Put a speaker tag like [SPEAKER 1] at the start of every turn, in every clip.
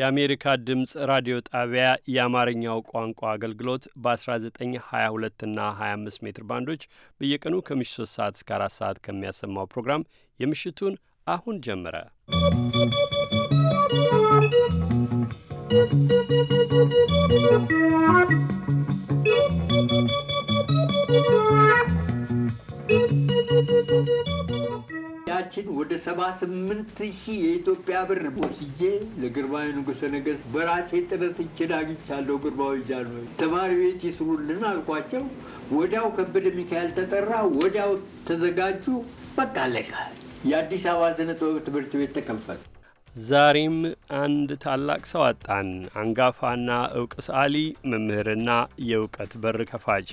[SPEAKER 1] የአሜሪካ ድምፅ ራዲዮ ጣቢያ የአማርኛው ቋንቋ አገልግሎት በ1922 እና 25 ሜትር ባንዶች በየቀኑ ከምሽቱ 3 ሰዓት እስከ 4 ሰዓት ከሚያሰማው ፕሮግራም የምሽቱን አሁን ጀመረ።
[SPEAKER 2] ¶¶
[SPEAKER 3] ስሄድ ወደ ሺህ የኢትዮጵያ ብር ወስጄ ለግርማዊ ንጉሠ ነገሥት በራሴ ጥረት እችን አግኝቻለሁ። ግርማዊ ጃንሆይ ተማሪ ቤት ይስሩልን አልኳቸው። ወዲያው ከበደ ሚካኤል ተጠራ። ወዲያው ተዘጋጁ። በቃ አለቀ። የአዲስ አበባ ስነ ጥበብ ትምህርት ቤት ተከፈተ።
[SPEAKER 1] ዛሬም አንድ ታላቅ ሰው አጣን። አንጋፋና እውቅ ሰዓሊ መምህርና የእውቀት በር ከፋች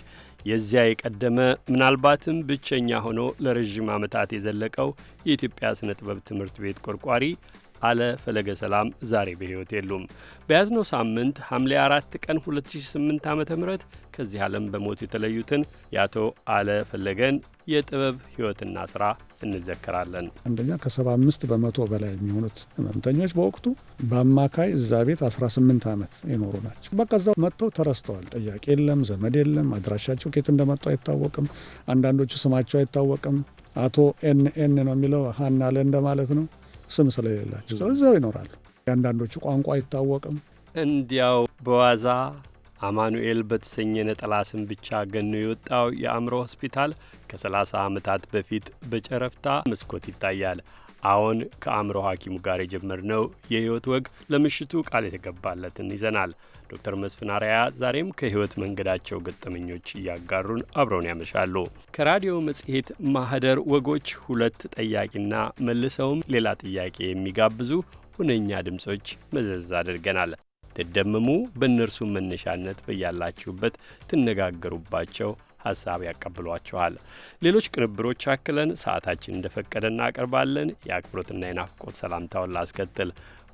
[SPEAKER 1] የዚያ የቀደመ ምናልባትም ብቸኛ ሆኖ ለረዥም ዓመታት የዘለቀው የኢትዮጵያ ሥነ ጥበብ ትምህርት ቤት ቆርቋሪ አለ ፈለገ ሰላም ዛሬ በሕይወት የሉም። በያዝነው ሳምንት ሐምሌ 4 ቀን 2008 ዓ ም ከዚህ ዓለም በሞት የተለዩትን የአቶ አለ ፈለገን የጥበብ ሕይወትና ስራ እንዘከራለን።
[SPEAKER 4] አንደኛ ከ75 በመቶ በላይ የሚሆኑት ህመምተኞች በወቅቱ በአማካይ እዛ ቤት 18 ዓመት የኖሩ ናቸው። በቃ እዛው መጥተው ተረስተዋል። ጥያቄ የለም፣ ዘመድ የለም፣ አድራሻቸው ኬት እንደመጡ አይታወቅም። አንዳንዶቹ ስማቸው አይታወቅም። አቶ ኤን ኤን ነው የሚለው ሀና አለ እንደማለት ነው። ስም ስለሌላቸው እዛው ይኖራሉ። የአንዳንዶቹ ቋንቋ አይታወቅም።
[SPEAKER 1] እንዲያው በዋዛ አማኑኤል በተሰኘ ነጠላ ስም ብቻ ገኖ የወጣው የአእምሮ ሆስፒታል ከ30 ዓመታት በፊት በጨረፍታ መስኮት ይታያል። አሁን ከአእምሮ ሐኪሙ ጋር የጀመርነው የሕይወት ወግ ለምሽቱ ቃል የተገባለትን ይዘናል። ዶክተር መስፍን አርያ ዛሬም ከሕይወት መንገዳቸው ገጠመኞች እያጋሩን አብረውን ያመሻሉ። ከራዲዮ መጽሔት ማህደር ወጎች ሁለት ጠያቂና መልሰውም ሌላ ጥያቄ የሚጋብዙ ሁነኛ ድምፆች መዘዝ አድርገናል። ትደምሙ፣ በእነርሱ መነሻነት በያላችሁበት ትነጋገሩባቸው ሀሳብ ያቀብሏችኋል። ሌሎች ቅንብሮች አክለን ሰዓታችን እንደፈቀደ እናቀርባለን። የአክብሮትና የናፍቆት ሰላምታውን ላስከትል።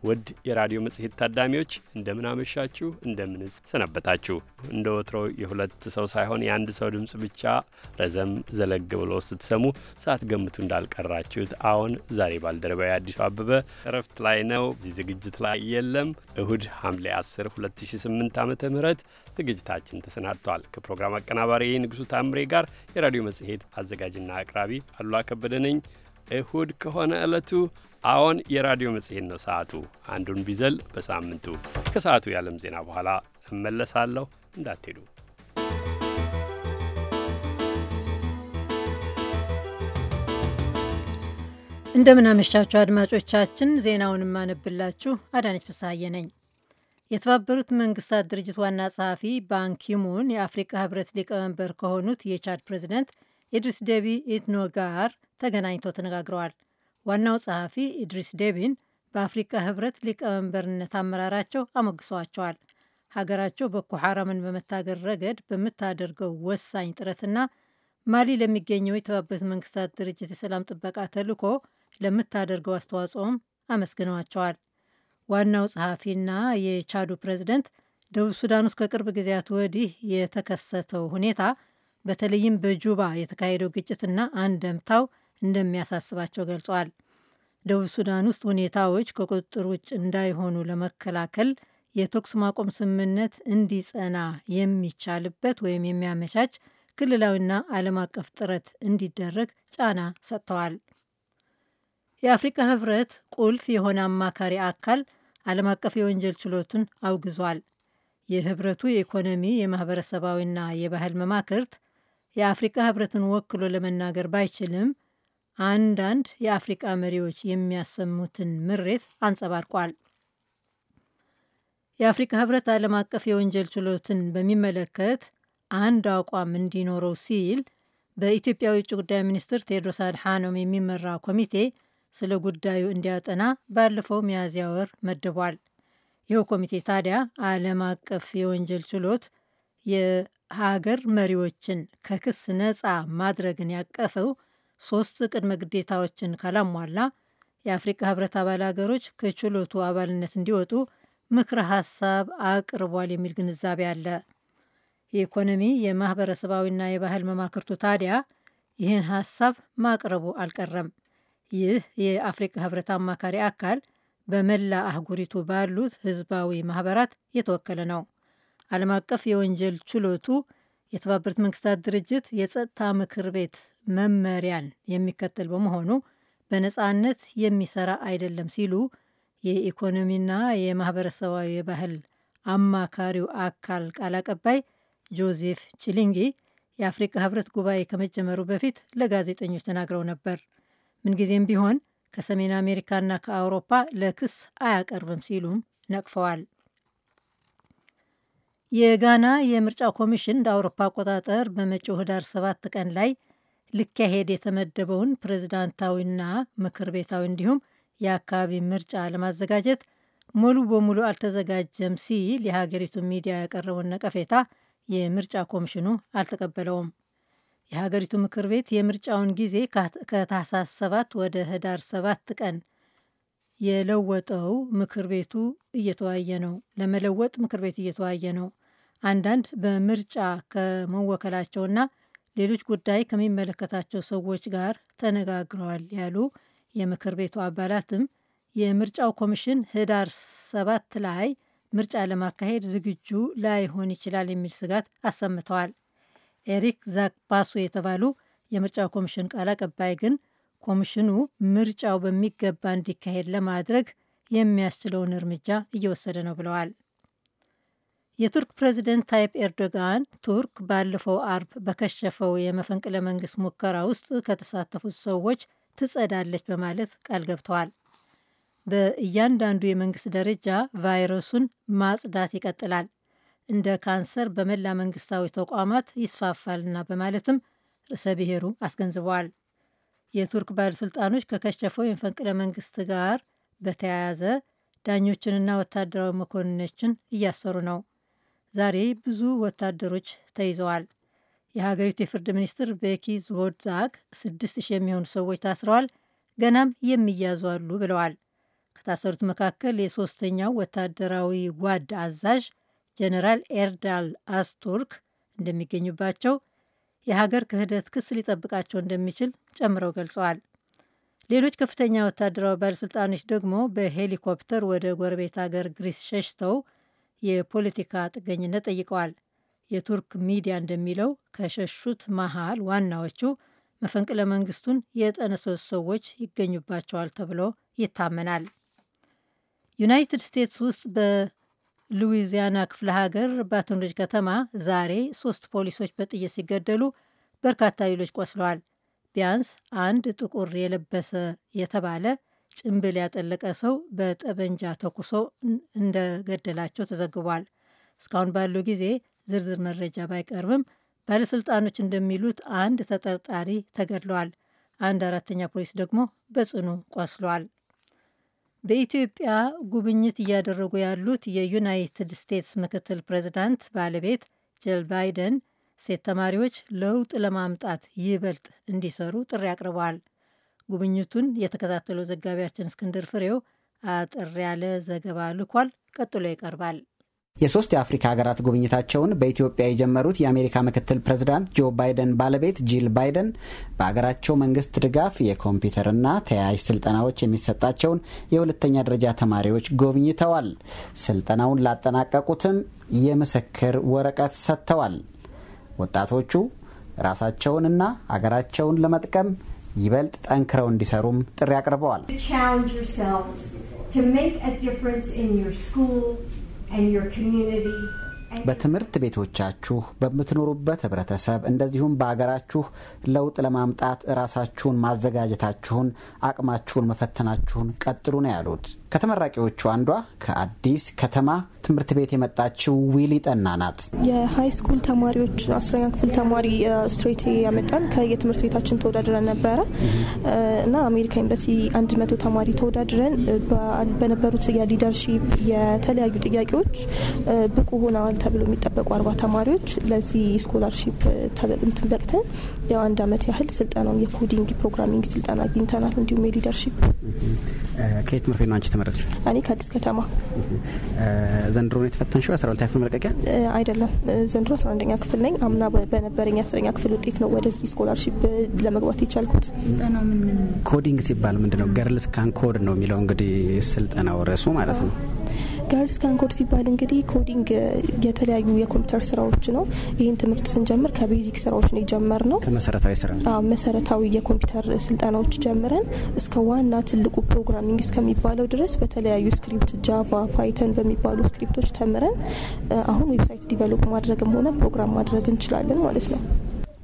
[SPEAKER 1] ውድ የራዲዮ መጽሔት ታዳሚዎች እንደምን አመሻችሁ፣ እንደምንስ ሰነበታችሁ። እንደ ወትሮ የሁለት ሰው ሳይሆን የአንድ ሰው ድምፅ ብቻ ረዘም ዘለግ ብሎ ስትሰሙ ሰዓት ገምቱ እንዳልቀራችሁት። አሁን ዛሬ ባልደረባዊ አዲሱ አበበ እረፍት ላይ ነው፣ እዚህ ዝግጅት ላይ የለም። እሁድ ሐምሌ 10 2008 ዓ ም ዝግጅታችን ተሰናድቷል። ከፕሮግራም አቀናባሪ ንጉሡ ታምሬ ጋር የራዲዮ መጽሔት አዘጋጅና አቅራቢ አሉላ ከበደ ነኝ። እሁድ ከሆነ ዕለቱ አዎን፣ የራዲዮ መጽሔት ነው ሰዓቱ። አንዱን ቢዘል በሳምንቱ ከሰዓቱ የዓለም ዜና በኋላ እመለሳለሁ። እንዳትሄዱ።
[SPEAKER 5] እንደምናመሻችሁ አድማጮቻችን፣ ዜናውን የማነብላችሁ አዳነች ፍስሐዬ ነኝ። የተባበሩት መንግስታት ድርጅት ዋና ጸሐፊ ባንኪሙን የአፍሪካ ህብረት ሊቀመንበር ከሆኑት የቻድ ፕሬዚደንት ኢድሪስ ደቢ ኢትኖ ጋር ተገናኝተው ተነጋግረዋል። ዋናው ጸሐፊ ኢድሪስ ደቢን በአፍሪካ ህብረት ሊቀመንበርነት አመራራቸው አሞግሰዋቸዋል። ሀገራቸው ቦኮ ሐራምን ረገድ በምታደርገው ወሳኝ ጥረትና ማሊ ለሚገኘው የተባበሩት መንግስታት ድርጅት የሰላም ጥበቃ ተልዕኮ ለምታደርገው አስተዋጽኦም አመስግነዋቸዋል። ዋናው ጸሐፊና የቻዱ ፕሬዚደንት ደቡብ ሱዳን ውስጥ ከቅርብ ጊዜያት ወዲህ የተከሰተው ሁኔታ በተለይም በጁባ የተካሄደው ግጭትና አንደምታው እንደሚያሳስባቸው ገልጸዋል። ደቡብ ሱዳን ውስጥ ሁኔታዎች ከቁጥጥር ውጭ እንዳይሆኑ ለመከላከል የተኩስ ማቆም ስምምነት እንዲጸና የሚቻልበት ወይም የሚያመቻች ክልላዊና ዓለም አቀፍ ጥረት እንዲደረግ ጫና ሰጥተዋል። የአፍሪካ ህብረት ቁልፍ የሆነ አማካሪ አካል ዓለም አቀፍ የወንጀል ችሎቱን አውግዟል። የህብረቱ የኢኮኖሚ የማህበረሰባዊና የባህል መማክርት የአፍሪቃ ህብረትን ወክሎ ለመናገር ባይችልም አንዳንድ የአፍሪቃ መሪዎች የሚያሰሙትን ምሬት አንጸባርቋል። የአፍሪካ ህብረት ዓለም አቀፍ የወንጀል ችሎትን በሚመለከት አንድ አቋም እንዲኖረው ሲል በኢትዮጵያ የውጭ ጉዳይ ሚኒስትር ቴዎድሮስ አድሓኖም የሚመራ ኮሚቴ ስለ ጉዳዩ እንዲያጠና ባለፈው ሚያዝያ ወር መድቧል። ይኸው ኮሚቴ ታዲያ ዓለም አቀፍ የወንጀል ችሎት ሀገር መሪዎችን ከክስ ነፃ ማድረግን ያቀፈው ሶስት ቅድመ ግዴታዎችን ካላሟላ የአፍሪካ ህብረት አባል ሀገሮች ከችሎቱ አባልነት እንዲወጡ ምክረ ሀሳብ አቅርቧል የሚል ግንዛቤ አለ። የኢኮኖሚ የማህበረሰባዊና የባህል መማክርቱ ታዲያ ይህን ሀሳብ ማቅረቡ አልቀረም። ይህ የአፍሪካ ህብረት አማካሪ አካል በመላ አህጉሪቱ ባሉት ህዝባዊ ማህበራት የተወከለ ነው። ዓለም አቀፍ የወንጀል ችሎቱ የተባበሩት መንግስታት ድርጅት የጸጥታ ምክር ቤት መመሪያን የሚከተል በመሆኑ በነፃነት የሚሰራ አይደለም ሲሉ የኢኮኖሚና የማህበረሰባዊ የባህል አማካሪው አካል ቃል አቀባይ ጆዜፍ ቺሊንጊ የአፍሪካ ህብረት ጉባኤ ከመጀመሩ በፊት ለጋዜጠኞች ተናግረው ነበር። ምንጊዜም ቢሆን ከሰሜን አሜሪካና ከአውሮፓ ለክስ አያቀርብም ሲሉም ነቅፈዋል። የጋና የምርጫ ኮሚሽን እንደ አውሮፓ አቆጣጠር በመጪው ህዳር ሰባት ቀን ላይ ሊካሄድ የተመደበውን ፕሬዝዳንታዊና ምክር ቤታዊ እንዲሁም የአካባቢ ምርጫ ለማዘጋጀት ሙሉ በሙሉ አልተዘጋጀም ሲል የሀገሪቱ ሚዲያ ያቀረበውን ነቀፌታ የምርጫ ኮሚሽኑ አልተቀበለውም። የሀገሪቱ ምክር ቤት የምርጫውን ጊዜ ከታህሳስ ሰባት ወደ ህዳር ሰባት ቀን የለወጠው ምክር ቤቱ እየተወያየ ነው ለመለወጥ ምክር ቤት እየተወያየ ነው። አንዳንድ በምርጫ ከመወከላቸውና ሌሎች ጉዳይ ከሚመለከታቸው ሰዎች ጋር ተነጋግረዋል ያሉ የምክር ቤቱ አባላትም የምርጫው ኮሚሽን ህዳር ሰባት ላይ ምርጫ ለማካሄድ ዝግጁ ላይሆን ይችላል የሚል ስጋት አሰምተዋል። ኤሪክ ዛክ ባሱ የተባሉ የምርጫው ኮሚሽን ቃል አቀባይ ግን ኮሚሽኑ ምርጫው በሚገባ እንዲካሄድ ለማድረግ የሚያስችለውን እርምጃ እየወሰደ ነው ብለዋል። የቱርክ ፕሬዚደንት ታይፕ ኤርዶጋን ቱርክ ባለፈው አርብ በከሸፈው የመፈንቅለ መንግስት ሙከራ ውስጥ ከተሳተፉት ሰዎች ትጸዳለች በማለት ቃል ገብተዋል። በእያንዳንዱ የመንግስት ደረጃ ቫይረሱን ማጽዳት ይቀጥላል፣ እንደ ካንሰር በመላ መንግስታዊ ተቋማት ይስፋፋልና በማለትም ርዕሰ ብሔሩ አስገንዝበዋል። የቱርክ ባለሥልጣኖች ከከሸፈው የመፈንቅለ መንግስት ጋር በተያያዘ ዳኞችንና ወታደራዊ መኮንኖችን እያሰሩ ነው። ዛሬ ብዙ ወታደሮች ተይዘዋል። የሀገሪቱ የፍርድ ሚኒስትር ቤኪ 6 ስድስት ሺህ የሚሆኑ ሰዎች ታስረዋል፣ ገናም የሚያዙ አሉ ብለዋል። ከታሰሩት መካከል የሶስተኛው ወታደራዊ ጓድ አዛዥ ጀነራል ኤርዳል አስቱርክ እንደሚገኙባቸው የሀገር ክህደት ክስ ሊጠብቃቸው እንደሚችል ጨምረው ገልጸዋል። ሌሎች ከፍተኛ ወታደራዊ ባለሥልጣኖች ደግሞ በሄሊኮፕተር ወደ ጎረቤት ሀገር ግሪስ ሸሽተው የፖለቲካ ጥገኝነት ጠይቀዋል። የቱርክ ሚዲያ እንደሚለው ከሸሹት መሃል ዋናዎቹ መፈንቅለ መንግስቱን የጠነሰሱ ሰዎች ይገኙባቸዋል ተብሎ ይታመናል። ዩናይትድ ስቴትስ ውስጥ ሉዊዚያና ክፍለ ሀገር ባቶን ሩጅ ከተማ ዛሬ ሶስት ፖሊሶች በጥይት ሲገደሉ በርካታ ሌሎች ቆስለዋል። ቢያንስ አንድ ጥቁር የለበሰ የተባለ ጭንብል ያጠለቀ ሰው በጠበንጃ ተኩሶ እንደገደላቸው ተዘግቧል። እስካሁን ባለው ጊዜ ዝርዝር መረጃ ባይቀርብም ባለስልጣኖች እንደሚሉት አንድ ተጠርጣሪ ተገድለዋል፣ አንድ አራተኛ ፖሊስ ደግሞ በጽኑ ቆስሏል። በኢትዮጵያ ጉብኝት እያደረጉ ያሉት የዩናይትድ ስቴትስ ምክትል ፕሬዚዳንት ባለቤት ጀል ባይደን ሴት ተማሪዎች ለውጥ ለማምጣት ይበልጥ እንዲሰሩ ጥሪ አቅርበዋል። ጉብኝቱን የተከታተለው ዘጋቢያችን እስክንድር ፍሬው አጠር ያለ ዘገባ ልኳል። ቀጥሎ ይቀርባል።
[SPEAKER 6] የሶስት የአፍሪካ ሀገራት ጉብኝታቸውን በኢትዮጵያ የጀመሩት የአሜሪካ ምክትል ፕሬዝዳንት ጆ ባይደን ባለቤት ጂል ባይደን በሀገራቸው መንግስት ድጋፍ የኮምፒውተርና ተያያዥ ስልጠናዎች የሚሰጣቸውን የሁለተኛ ደረጃ ተማሪዎች ጎብኝተዋል። ስልጠናውን ላጠናቀቁትም የምስክር ወረቀት ሰጥተዋል። ወጣቶቹ ራሳቸውንና አገራቸውን ለመጥቀም ይበልጥ ጠንክረው እንዲሰሩም ጥሪ አቅርበዋል። በትምህርት ቤቶቻችሁ በምትኖሩበት ህብረተሰብ እንደዚሁም በአገራችሁ ለውጥ ለማምጣት ራሳችሁን ማዘጋጀታችሁን አቅማችሁን መፈተናችሁን ቀጥሉ ነው ያሉት። ከተመራቂዎቹ አንዷ ከአዲስ ከተማ ትምህርት ቤት የመጣችው ዊሊ ጠና ናት።
[SPEAKER 7] የሀይ ስኩል ተማሪዎች አስረኛ ክፍል ተማሪ ስትሬት ያመጣን ከየትምህርት ቤታችን ተወዳድረን ነበረ እና አሜሪካ ኤምባሲ አንድ መቶ ተማሪ ተወዳድረን በነበሩት የሊደርሺፕ የተለያዩ ጥያቄዎች ብቁ ሆነዋል ተብሎ የሚጠበቁ አርባ ተማሪዎች ለዚህ ስኮላርሺፕ በቅተን ያው አንድ አመት ያህል ስልጠናውን የኮዲንግ ፕሮግራሚንግ ስልጠና አግኝተናል። እንዲሁም የሊደርሺፕ
[SPEAKER 6] ከየት ትምህርት ቤት የተመረቅሽ?
[SPEAKER 7] እኔ ከአዲስ ከተማ።
[SPEAKER 6] ዘንድሮ ነው የተፈተንሽው? አስራ ሁለተኛ ክፍል መለቀቂያ
[SPEAKER 7] አይደለም። ዘንድሮ አስራ አንደኛ ክፍል ነኝ። አምና በነበረኝ አስረኛ ክፍል ውጤት ነው ወደዚህ ስኮላርሺፕ ለመግባት የቻልኩት። ምን
[SPEAKER 6] ኮዲንግ ሲባል ምንድን ነው? ገርልስ ካን ኮድ ነው የሚለው እንግዲህ ስልጠናው ርዕሱ ማለት ነው።
[SPEAKER 7] ጋርድ ስካን ሲባል እንግዲህ ኮዲንግ የተለያዩ የኮምፒውተር ስራዎች ነው። ይህን ትምህርት ስንጀምር ከቤዚክ ስራዎች ነው የጀመር ነው
[SPEAKER 6] ከመሰረታዊ ስራ
[SPEAKER 7] መሰረታዊ የኮምፒውተር ስልጠናዎች ጀምረን እስከ ዋና ትልቁ ፕሮግራሚንግ እስከሚባለው ድረስ በተለያዩ ስክሪፕት ጃቫ፣ ፓይተን በሚባሉ ስክሪፕቶች ተምረን አሁን ዌብሳይት ዲቨሎፕ ማድረግም ሆነ ፕሮግራም ማድረግ እንችላለን ማለት ነው።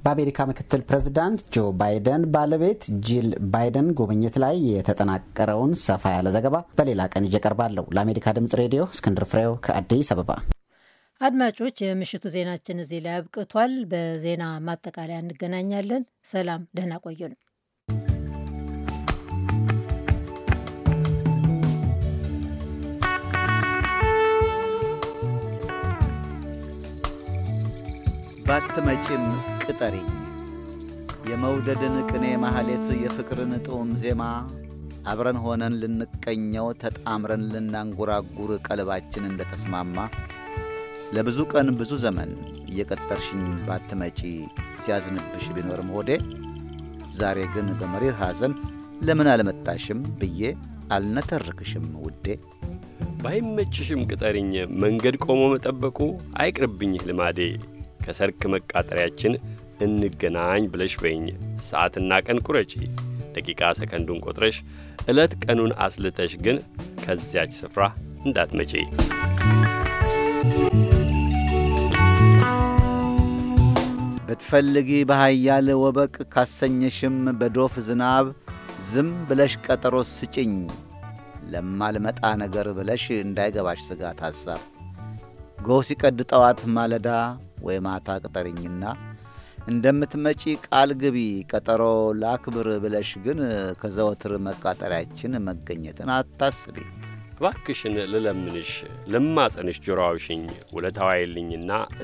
[SPEAKER 6] በአሜሪካ ምክትል ፕሬዝዳንት ጆ ባይደን ባለቤት ጂል ባይደን ጉብኝት ላይ የተጠናቀረውን ሰፋ ያለ ዘገባ በሌላ ቀን ይዤ ለአሜሪካ ድምጽ ሬዲዮ እስክንድር ፍሬው ከአዲስ አበባ።
[SPEAKER 5] አድማጮች፣ የምሽቱ ዜናችን እዚህ ላይ አብቅቷል። በዜና ማጠቃለያ እንገናኛለን። ሰላም፣ ደህና ቆዩን።
[SPEAKER 8] ባትመጪም ቅጠሪ የመውደድን ቅኔ ማህሌት የፍቅርን ጥዑም ዜማ አብረን ሆነን ልንቀኘው ተጣምረን ልናንጎራጉር ቀልባችን እንደተስማማ ለብዙ ቀን ብዙ ዘመን እየቀጠርሽኝ ባትመጪ ሲያዝንብሽ ቢኖርም ሆዴ ዛሬ ግን በመሪር ሐዘን ለምን አልመጣሽም ብዬ አልነተርክሽም ውዴ።
[SPEAKER 1] ባይመችሽም ቅጠሪኝ መንገድ ቆሞ መጠበቁ አይቅርብኝህ ልማዴ ከሰርክ መቃጠሪያችን እንገናኝ ብለሽ በኝ ሰዓትና ቀን ቁረጪ። ደቂቃ ሰከንዱን ቆጥረሽ ዕለት ቀኑን አስልተሽ ግን ከዚያች ስፍራ እንዳትመጪ።
[SPEAKER 8] ብትፈልጊ በኃያል ወበቅ ካሰኘሽም በዶፍ ዝናብ ዝም ብለሽ ቀጠሮ ስጭኝ። ለማልመጣ ነገር ብለሽ እንዳይገባሽ ስጋት ሐሳብ ጎህ ሲቀድ ጠዋት ማለዳ ወይ ማታ ቅጠርኝና እንደምትመጪ ቃል ግቢ፣ ቀጠሮ ላክብር ብለሽ ግን ከዘወትር መቃጠሪያችን መገኘትን አታስቢ።
[SPEAKER 1] እባክሽን ልለምንሽ፣ ልማጸንሽ፣ ጆሮ አውሽኝ፣ ውለታዋ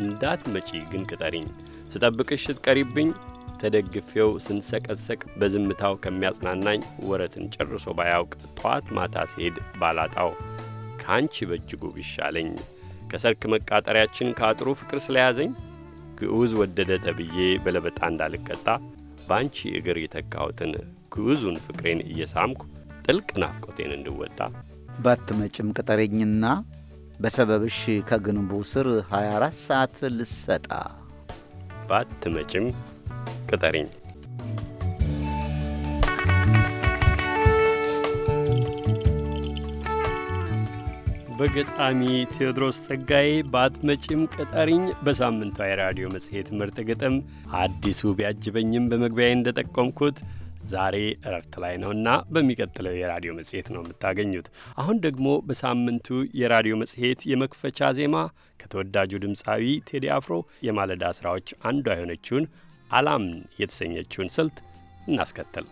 [SPEAKER 1] እንዳትመጪ ግን ቅጠሪኝ። ስጠብቅሽ ስትቀሪብኝ ተደግፌው ስንሰቀሰቅ በዝምታው ከሚያጽናናኝ ወረትን ጨርሶ ባያውቅ ጠዋት ማታ ሲሄድ ባላጣው ከአንቺ በእጅጉ ቢሻለኝ ከሰርክ መቃጠሪያችን ከአጥሩ ፍቅር ስለያዘኝ ግዑዝ ወደደ ተብዬ በለበጣ እንዳልቀጣ በአንቺ እግር የተካሁትን ግዑዙን ፍቅሬን እየሳምኩ ጥልቅ ናፍቆቴን እንድወጣ
[SPEAKER 8] ባትመጭም ቅጠሬኝና በሰበብሽ ከግንቡ ስር 24 ሰዓት ልሰጣ
[SPEAKER 1] ባትመጭም ቅጠሪኝ በገጣሚ ቴዎድሮስ ጸጋዬ በአትመጪም ቀጠሪኝ በሳምንቷ የራዲዮ መጽሔት ምርጥ ግጥም አዲሱ ቢያጅበኝም በመግቢያ እንደጠቆምኩት ዛሬ እረፍት ላይ ነውና በሚቀጥለው የራዲዮ መጽሔት ነው የምታገኙት። አሁን ደግሞ በሳምንቱ የራዲዮ መጽሔት የመክፈቻ ዜማ ከተወዳጁ ድምፃዊ ቴዲ አፍሮ የማለዳ ስራዎች አንዷ የሆነችውን አላምን የተሰኘችውን ስልት እናስከተል።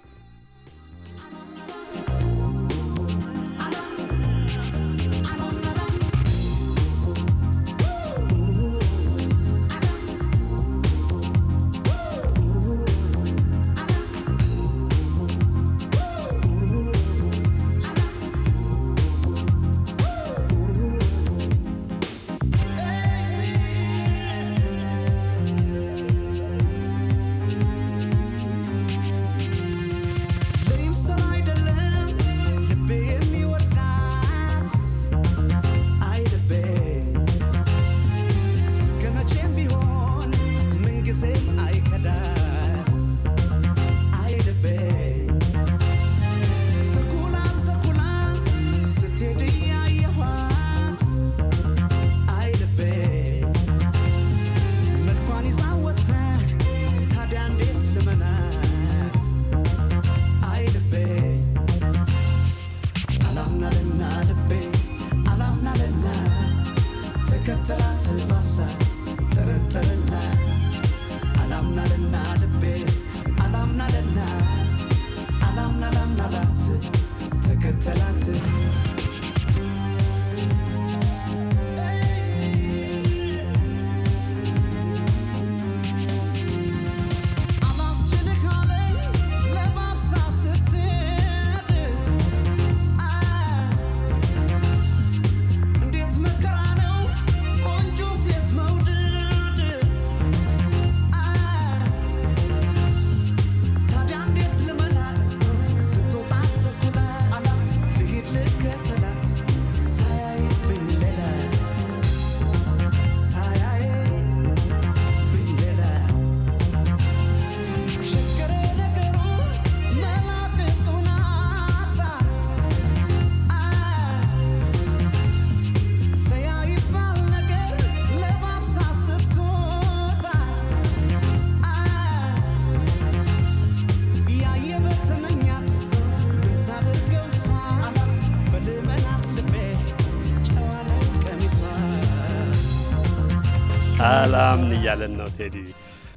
[SPEAKER 1] ቴዲ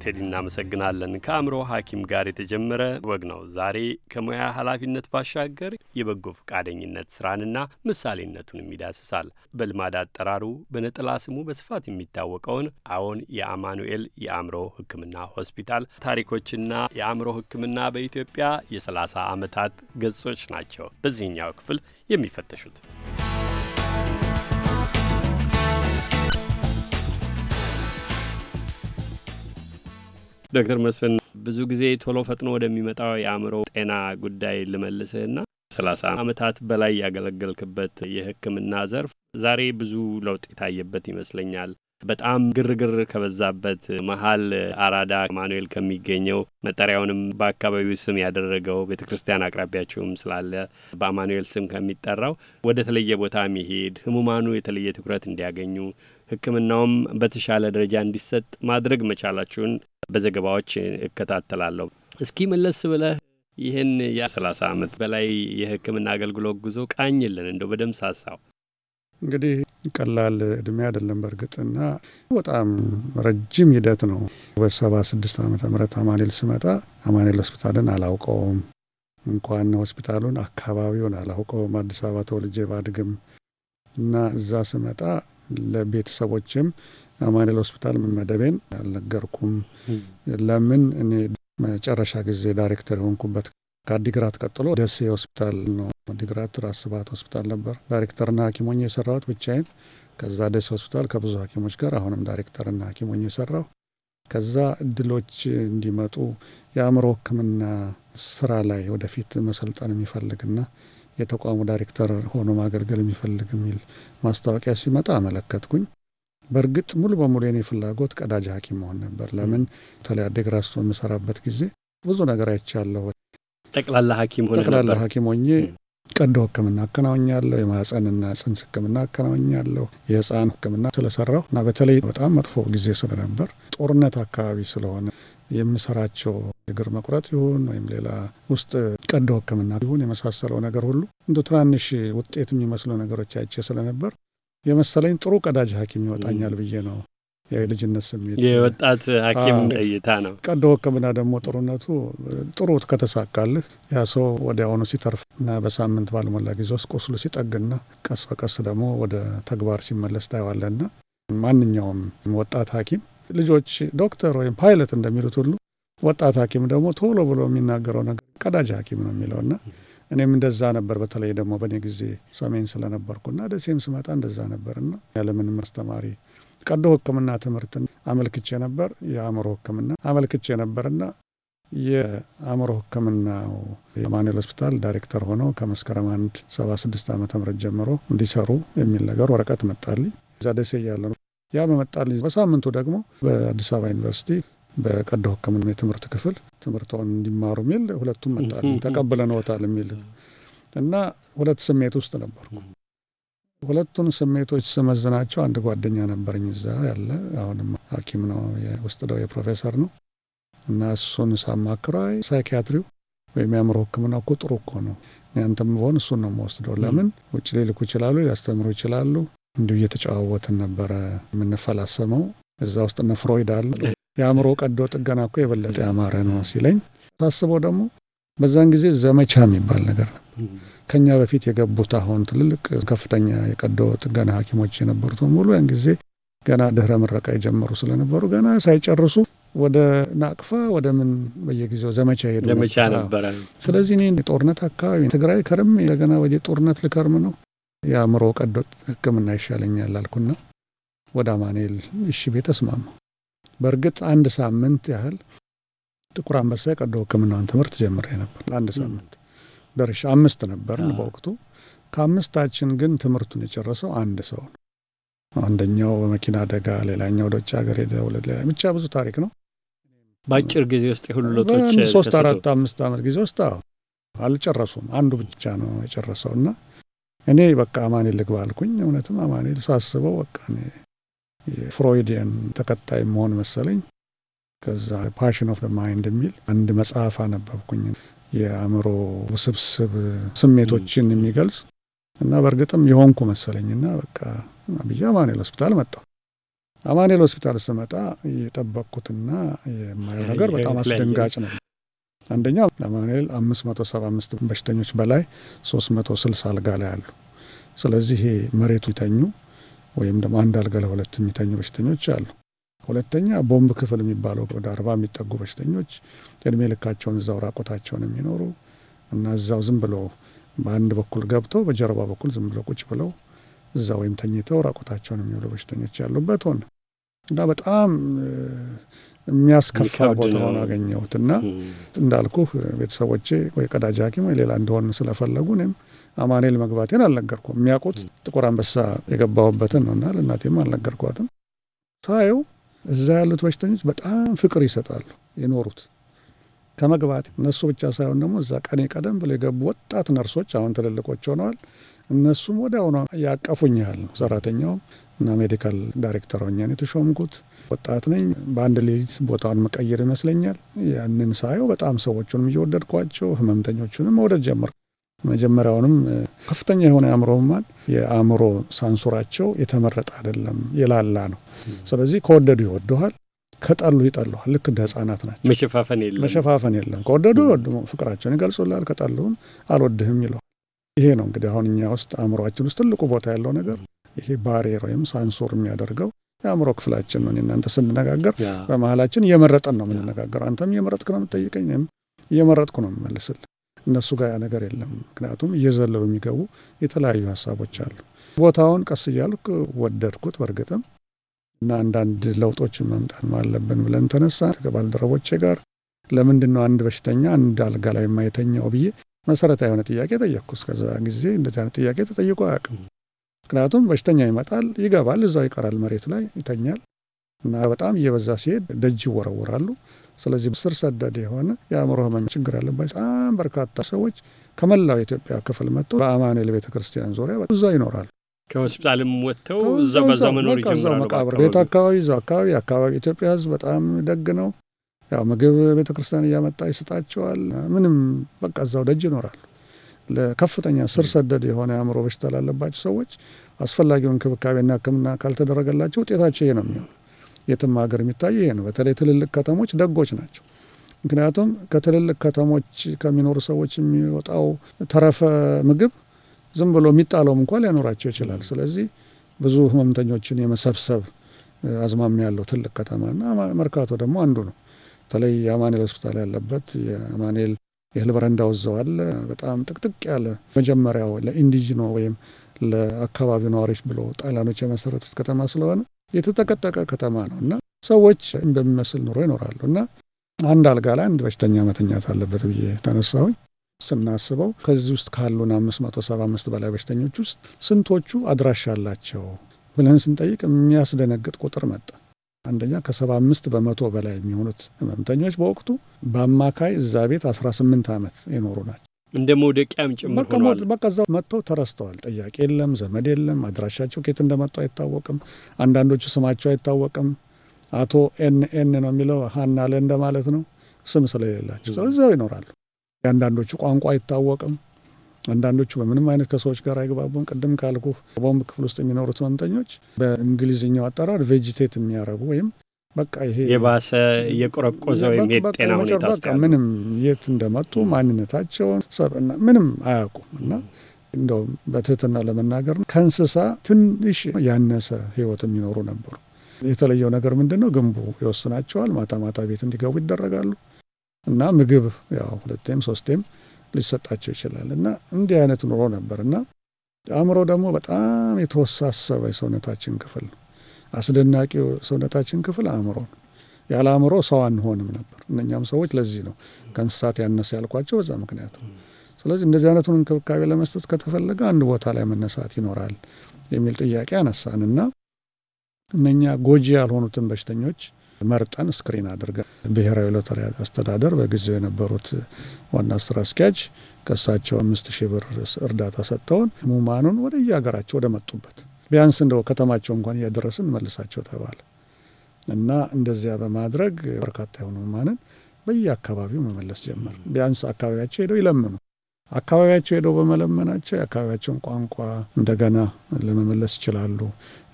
[SPEAKER 1] ቴዲ እናመሰግናለን። ከአእምሮ ሐኪም ጋር የተጀመረ ወግ ነው። ዛሬ ከሙያ ኃላፊነት ባሻገር የበጎ ፈቃደኝነት ስራንና ምሳሌነቱን ይዳስሳል። በልማድ አጠራሩ በነጠላ ስሙ በስፋት የሚታወቀውን አዎን የአማኑኤል የአእምሮ ሕክምና ሆስፒታል ታሪኮችና የአእምሮ ሕክምና በኢትዮጵያ የ30 ዓመታት ገጾች ናቸው በዚህኛው ክፍል የሚፈተሹት። ዶክተር መስፍን ብዙ ጊዜ ቶሎ ፈጥኖ ወደሚመጣው የአእምሮ ጤና ጉዳይ ልመልስህና ሰላሳ አመታት በላይ ያገለገልክበት የህክምና ዘርፍ ዛሬ ብዙ ለውጥ የታየበት ይመስለኛል። በጣም ግርግር ከበዛበት መሀል አራዳ ማኑኤል ከሚገኘው መጠሪያውንም በአካባቢው ስም ያደረገው ቤተ ክርስቲያን አቅራቢያቸውም ስላለ በአማኑኤል ስም ከሚጠራው ወደ ተለየ ቦታ መሄድ ህሙማኑ የተለየ ትኩረት እንዲያገኙ ሕክምናውም በተሻለ ደረጃ እንዲሰጥ ማድረግ መቻላችሁን በዘገባዎች እከታተላለሁ። እስኪ መለስ ብለህ ይህን የሰላሳ ዓመት በላይ የህክምና አገልግሎት ጉዞ ቃኝልን እንደው በደምብ ሳሳው እንግዲህ
[SPEAKER 4] ቀላል እድሜ አይደለም በእርግጥና በጣም ረጅም ሂደት ነው። በሰባ ስድስት ዓመተ ምህረት አማኔል ስመጣ አማኔል ሆስፒታልን አላውቀውም፣ እንኳን ሆስፒታሉን አካባቢውን አላውቀውም። አዲስ አበባ ተወልጄ ባድግም እና እዛ ስመጣ ለቤተሰቦችም አማኔል ሆስፒታል መመደቤን አልነገርኩም። ለምን እኔ መጨረሻ ጊዜ ዳይሬክተር የሆንኩበት ከአዲግራት ቀጥሎ ደሴ ሆስፒታል ነው። አዲግራት ራስ ስብሐት ሆስፒታል ነበር ዳይሬክተርና ሐኪም ሆኜ የሰራሁት ብቻዬን። ከዛ ደሴ ሆስፒታል ከብዙ ሐኪሞች ጋር አሁንም ዳይሬክተርና ሐኪም ሆኜ የሰራው። ከዛ እድሎች እንዲመጡ የአእምሮ ሕክምና ስራ ላይ ወደፊት መሰልጠን የሚፈልግና የተቋሙ ዳይሬክተር ሆኖ ማገልገል የሚፈልግ የሚል ማስታወቂያ ሲመጣ አመለከትኩኝ። በእርግጥ ሙሉ በሙሉ የኔ ፍላጎት ቀዳጅ ሐኪም መሆን ነበር። ለምን በተለይ አዲግራት ውስጥ በምሰራበት ጊዜ ብዙ ነገር አይቻለሁ።
[SPEAKER 1] ጠቅላላ ሐኪም ሆነ ጠቅላላ
[SPEAKER 4] ሐኪም ሆኜ ቀዶ ሕክምና አከናውኛለሁ። የማህፀንና ጽንስ ህክምና አከናውኛለሁ። የህፃን ህክምና ስለሰራሁ እና በተለይ በጣም መጥፎ ጊዜ ስለነበር ጦርነት አካባቢ ስለሆነ የምሰራቸው እግር መቁረጥ ይሁን ወይም ሌላ ውስጥ ቀዶ ህክምና ይሁን የመሳሰለው ነገር ሁሉ እንደ ትናንሽ ውጤት የሚመስሉ ነገሮች አይቼ ስለነበር የመሰለኝ ጥሩ ቀዳጅ ሀኪም ይወጣኛል ብዬ ነው የልጅነት ስሜት የወጣት ሐኪም እይታ ነው። ቀዶ ሕክምና ደግሞ ጥሩነቱ ጥሩ ከተሳካልህ ያ ሰው ወዲያውኑ ሲተርፍ እና በሳምንት ባልሞላ ጊዜ ውስጥ ቁስሉ ሲጠግና ቀስ በቀስ ደግሞ ወደ ተግባር ሲመለስ ታየዋለና ማንኛውም ወጣት ሐኪም ልጆች ዶክተር ወይም ፓይለት እንደሚሉት ሁሉ ወጣት ሐኪም ደግሞ ቶሎ ብሎ የሚናገረው ነገር ቀዳጅ ሐኪም ነው የሚለውና እኔም እንደዛ ነበር። በተለይ ደግሞ በእኔ ጊዜ ሰሜን ስለነበርኩና ደሴም ስመጣ እንደዛ ነበርና ያለምንም አስተማሪ ቀዶ ህክምና ትምህርትን አመልክቼ ነበር። የአእምሮ ህክምና አመልክቼ ነበርና የአእምሮ ህክምናው የአማኑኤል ሆስፒታል ዳይሬክተር ሆኖ ከመስከረም አንድ ሰባ ስድስት ዓመተ ምህረት ጀምሮ እንዲሰሩ የሚል ነገር ወረቀት መጣልኝ። እዛ ደሴ እያለ ነው ያ በመጣልኝ በሳምንቱ ደግሞ በአዲስ አበባ ዩኒቨርሲቲ በቀዶ ህክምና የትምህርት ክፍል ትምህርቷን እንዲማሩ የሚል ሁለቱም መጣልኝ። ተቀብለንዎታል የሚል እና ሁለት ስሜት ውስጥ ነበርኩ። ሁለቱን ስሜቶች ስመዝናቸው አንድ ጓደኛ ነበረኝ እዛ ያለ አሁንም ሐኪም ነው የውስጥ ደዌ ፕሮፌሰር ነው እና እሱን ሳማክረው ሳይኪያትሪው ወይም የአእምሮ ህክምና እኮ ጥሩ እኮ ነው፣ ያንተም ብሆን እሱን ነው መወስደው ለምን ውጭ ሊልኩ ይችላሉ፣ ሊያስተምሩ ይችላሉ። እንዲሁ እየተጨዋወትን ነበረ የምንፈላሰመው። እዛ ውስጥ እነ ፍሮይድ አሉ። የአእምሮ ቀዶ ጥገና እኮ የበለጠ ያማረ ነው ሲለኝ ሳስበው ደግሞ በዛን ጊዜ ዘመቻ የሚባል ነገር ነበር ከኛ በፊት የገቡት አሁን ትልልቅ ከፍተኛ የቀዶ ጥገና ሐኪሞች የነበሩት በሙሉ ያን ጊዜ ገና ድህረ ምረቃ የጀመሩ ስለነበሩ ገና ሳይጨርሱ ወደ ናቅፋ ወደ ምን በየጊዜው ዘመቻ ሄዱ ዘመቻ ነበረ። ስለዚህ እኔ የጦርነት አካባቢ ትግራይ ከርም እንደገና ወደ ጦርነት ልከርም ነው የአእምሮ ቀዶ ሕክምና ይሻለኛል አልኩና ወደ አማኑኤል እሺ ቤት ተስማማ። በእርግጥ አንድ ሳምንት ያህል ጥቁር አንበሳ የቀዶ ሕክምናውን ትምህርት ጀምሬ ነበር አንድ ሳምንት ደርሻ አምስት ነበርን በወቅቱ። ከአምስታችን ግን ትምህርቱን የጨረሰው አንድ ሰው ነው። አንደኛው በመኪና አደጋ፣ ሌላኛው ወደ ውጭ ሀገር ሄደ፣ ሁለት ሌላ ብቻ ብዙ ታሪክ ነው።
[SPEAKER 1] በአጭር ጊዜ ውስጥ የሁሉ ለውጦች ሶስት አራት
[SPEAKER 4] አምስት ዓመት ጊዜ ውስጥ አልጨረሱም። አንዱ ብቻ ነው የጨረሰው እና እኔ በቃ አማኔ ልግባ አልኩኝ። እውነትም አማኔ ሳስበው በቃ የፍሮይዲየን ተከታይ መሆን መሰለኝ። ከዛ ፓሽን ኦፍ ማይንድ የሚል አንድ መጽሐፍ አነበብኩኝ። የአእምሮ ውስብስብ ስሜቶችን የሚገልጽ እና በእርግጥም የሆንኩ መሰለኝና በቃ ብዬ አማኑኤል ሆስፒታል መጣሁ። አማኑኤል ሆስፒታል ስመጣ የጠበቅኩትና የማየው ነገር በጣም አስደንጋጭ ነው። አንደኛ ለአማኑኤል አምስት በሽተኞች በላይ 3መቶ ስልሳ አልጋ ላይ አሉ። ስለዚህ መሬቱ ይተኙ ወይም ደግሞ አንድ አልጋ ለሁለት የሚተኙ በሽተኞች አሉ። ሁለተኛ ቦምብ ክፍል የሚባለው ወደ አርባ የሚጠጉ በሽተኞች እድሜ ልካቸውን እዛው ራቆታቸውን የሚኖሩ እና እዛው ዝም ብሎ በአንድ በኩል ገብተው በጀርባ በኩል ዝም ብሎ ቁጭ ብለው እዛ ወይም ተኝተው ራቆታቸውን የሚውሉ በሽተኞች ያሉበት ሆነ እና በጣም የሚያስከፋ ቦታ ሆኖ አገኘሁት እና እንዳልኩህ ቤተሰቦቼ ወይ ቀዳጅ ሐኪም ወይ ሌላ እንደሆን ስለፈለጉ እኔም አማኔል መግባቴን አልነገርኩም። የሚያውቁት ጥቁር አንበሳ የገባሁበትን ነው እና ለእናቴም አልነገርኳትም። ሳየው እዛ ያሉት በሽተኞች በጣም ፍቅር ይሰጣሉ የኖሩት ከመግባት እነሱ ብቻ ሳይሆን ደግሞ እዛ ቀኔ ቀደም ብሎ የገቡ ወጣት ነርሶች አሁን ትልልቆች ሆነዋል። እነሱም ወዲያውኑ ያቀፉኝ ያህል ነው። ሰራተኛውም እና ሜዲካል ዳይሬክተር ሆኛን የተሾምኩት። ወጣት ነኝ። በአንድ ሌሊት ቦታውን መቀየር ይመስለኛል። ያንን ሳየው በጣም ሰዎቹንም እየወደድኳቸው ህመምተኞቹንም መውደድ ጀመርኩ። መጀመሪያውንም ከፍተኛ የሆነ የአእምሮ ህሙማን የአእምሮ ሳንሱራቸው የተመረጠ አይደለም፣ የላላ ነው። ስለዚህ ከወደዱ ይወደዋል፣ ከጠሉ ይጠለዋል። ልክ እንደ ህጻናት ናቸው። መሸፋፈን የለም። ከወደዱ ፍቅራቸውን ይገልጹላል፣ ከጠሉም አልወድህም ይለዋል። ይሄ ነው እንግዲህ አሁን እኛ ውስጥ አእምሯችን ውስጥ ትልቁ ቦታ ያለው ነገር ይሄ ባሬር ወይም ሳንሱር የሚያደርገው የአእምሮ ክፍላችን ነው። እናንተ ስንነጋገር በመሀላችን እየመረጠን ነው የምንነጋገር። አንተም እየመረጥክ ነው የምትጠይቀኝ፣ እኔም እየመረጥኩ ነው የምመልስልህ። እነሱ ጋር ያ ነገር የለም። ምክንያቱም እየዘለሉ የሚገቡ የተለያዩ ሀሳቦች አሉ። ቦታውን ቀስ እያልኩ ወደድኩት። በእርግጥም እና አንዳንድ ለውጦችን መምጣት አለብን ብለን ተነሳ ከባልደረቦቼ ጋር ለምንድን ነው አንድ በሽተኛ አንድ አልጋ ላይ የማይተኛው ብዬ መሰረታዊ የሆነ ጥያቄ ጠየቅኩ። እስከዛ ጊዜ እንደዚህ አይነት ጥያቄ ተጠይቆ አያውቅም። ምክንያቱም በሽተኛ ይመጣል፣ ይገባል፣ እዛው ይቀራል፣ መሬት ላይ ይተኛል እና በጣም እየበዛ ሲሄድ ደጅ ይወረወራሉ። ስለዚህ ስር ሰደድ የሆነ የአእምሮ ህመም ችግር ያለባቸው በጣም በርካታ ሰዎች ከመላው የኢትዮጵያ ክፍል መጥተው በአማኑኤል ቤተ ክርስቲያን ዙሪያ ብዙ ይኖራሉ።
[SPEAKER 1] ከሆስፒታልም ወጥተው መኖር ይጀምራሉ። መቃብር ቤት
[SPEAKER 4] አካባቢ እዛው አካባቢ አካባቢ ኢትዮጵያ ህዝብ በጣም ደግ ነው። ያው ምግብ ቤተ ክርስቲያን እያመጣ ይሰጣቸዋል። ምንም በቃ እዛው ደጅ ይኖራሉ። ለከፍተኛ ስር ሰደድ የሆነ የአእምሮ በሽታ ላለባቸው ሰዎች አስፈላጊውን እንክብካቤና ሕክምና ካልተደረገላቸው ውጤታቸው ይሄ ነው የሚሆነው። የትም ሀገር የሚታየው ይሄ ነው። በተለይ ትልልቅ ከተሞች ደጎች ናቸው። ምክንያቱም ከትልልቅ ከተሞች ከሚኖሩ ሰዎች የሚወጣው ተረፈ ምግብ ዝም ብሎ የሚጣለውም እንኳ ሊያኖራቸው ይችላል። ስለዚህ ብዙ ህመምተኞችን የመሰብሰብ አዝማሚ ያለው ትልቅ ከተማና መርካቶ ደግሞ አንዱ ነው። በተለይ የአማኔል ሆስፒታል ያለበት የአማኔል የህል በረንዳ ውዘዋል። በጣም ጥቅጥቅ ያለ መጀመሪያው ለኢንዲጂኖ ወይም ለአካባቢው ነዋሪዎች ብሎ ጣሊያኖች የመሰረቱት ከተማ ስለሆነ የተጠቀጠቀ ከተማ ነው እና ሰዎች እንደሚመስል ኑሮ ይኖራሉ እና አንድ አልጋ ላይ አንድ በሽተኛ መተኛት አለበት ብዬ ተነሳሁኝ። ስናስበው ከዚህ ውስጥ ካሉን አምስት መቶ ሰባ አምስት በላይ በሽተኞች ውስጥ ስንቶቹ አድራሻ አላቸው ብለን ስንጠይቅ የሚያስደነግጥ ቁጥር መጣ። አንደኛ ከሰባ አምስት በመቶ በላይ የሚሆኑት ህመምተኞች በወቅቱ በአማካይ እዛ ቤት አስራ ስምንት ዓመት የኖሩ ናቸው።
[SPEAKER 1] እንደ መውደቂያም ጭምር ሆኗል።
[SPEAKER 4] በቃ እዛው መጥተው ተረስተዋል። ጥያቄ የለም፣ ዘመድ የለም፣ አድራሻቸው ኬት እንደመጡ አይታወቅም። አንዳንዶቹ ስማቸው አይታወቅም። አቶ ኤን ኤን ነው የሚለው ሀና ለ እንደማለት ነው። ስም ስለሌላቸው ስለዚያው ይኖራሉ። የአንዳንዶቹ ቋንቋ አይታወቅም። አንዳንዶቹ በምንም አይነት ከሰዎች ጋር አይግባቡን። ቅድም ካልኩ በቦምብ ክፍል ውስጥ የሚኖሩት ህመምተኞች በእንግሊዝኛው አጠራር ቬጂቴት የሚያረጉ ወይም
[SPEAKER 1] በቃ ይሄ የባሰ የቆረቆዘው ወይም ጤና ሁኔታ
[SPEAKER 4] ምንም የት እንደመጡ ማንነታቸውን ሰብና ምንም አያውቁም እና እንደውም በትህትና ለመናገር ከእንስሳ ትንሽ ያነሰ ህይወት የሚኖሩ ነበሩ። የተለየው ነገር ምንድን ነው? ግንቡ ይወስናቸዋል። ማታ ማታ ቤት እንዲገቡ ይደረጋሉ እና ምግብ ያው ሁለቴም ሶስቴም ሊሰጣቸው ይችላል እና እንዲህ አይነት ኑሮ ነበር እና አእምሮ ደግሞ በጣም የተወሳሰበ የሰውነታችን ክፍል ነው። አስደናቂው ሰውነታችን ክፍል አእምሮ ነው። ያለ አእምሮ ሰው አንሆንም ነበር። እነኛም ሰዎች ለዚህ ነው ከእንስሳት ያነሱ ያልኳቸው በዛ ምክንያት ነው። ስለዚህ እንደዚህ አይነቱን እንክብካቤ ለመስጠት ከተፈለገ አንድ ቦታ ላይ መነሳት ይኖራል የሚል ጥያቄ አነሳን እና እነኛ ጎጂ ያልሆኑትን በሽተኞች መርጠን ስክሪን አድርገን ብሔራዊ ሎተሪ አስተዳደር በጊዜው የነበሩት ዋና ስራ አስኪያጅ ከእሳቸው አምስት ሺህ ብር እርዳታ ሰጥተውን ህሙማኑን ወደ የሀገራቸው ወደ መጡበት ቢያንስ እንደው ከተማቸው እንኳን እያደረስን መልሳቸው ተባለ እና እንደዚያ በማድረግ በርካታ የሆኑ ማንን በየአካባቢው መመለስ ጀመር። ቢያንስ አካባቢያቸው ሄደው ይለምኑ። አካባቢያቸው ሄደው በመለመናቸው የአካባቢያቸውን ቋንቋ እንደገና ለመመለስ ይችላሉ።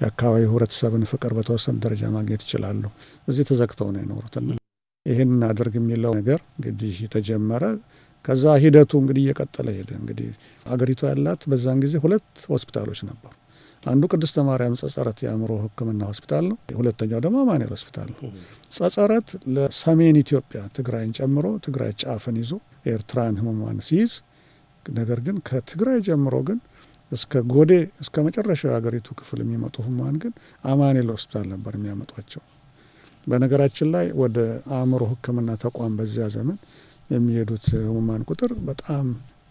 [SPEAKER 4] የአካባቢው ህብረተሰብን ፍቅር በተወሰነ ደረጃ ማግኘት ይችላሉ። እዚህ ተዘግተው ነው የኖሩትና ይህን እናደርግ የሚለው ነገር እንግዲህ የተጀመረ ከዛ ሂደቱ እንግዲህ እየቀጠለ ሄደ። እንግዲህ አገሪቷ ያላት በዛን ጊዜ ሁለት ሆስፒታሎች ነበሩ። አንዱ ቅድስተ ማርያም ጸጸረት የአእምሮ ሕክምና ሆስፒታል ነው። ሁለተኛው ደግሞ አማኑኤል ሆስፒታል ነው። ጸጸረት ለሰሜን ኢትዮጵያ ትግራይን ጨምሮ ትግራይ ጫፍን ይዞ ኤርትራን ህሙማን ሲይዝ፣ ነገር ግን ከትግራይ ጀምሮ ግን እስከ ጎዴ እስከ መጨረሻው የሀገሪቱ ክፍል የሚመጡ ህሙማን ግን አማኔል ሆስፒታል ነበር የሚያመጧቸው። በነገራችን ላይ ወደ አእምሮ ሕክምና ተቋም በዚያ ዘመን የሚሄዱት ህሙማን ቁጥር በጣም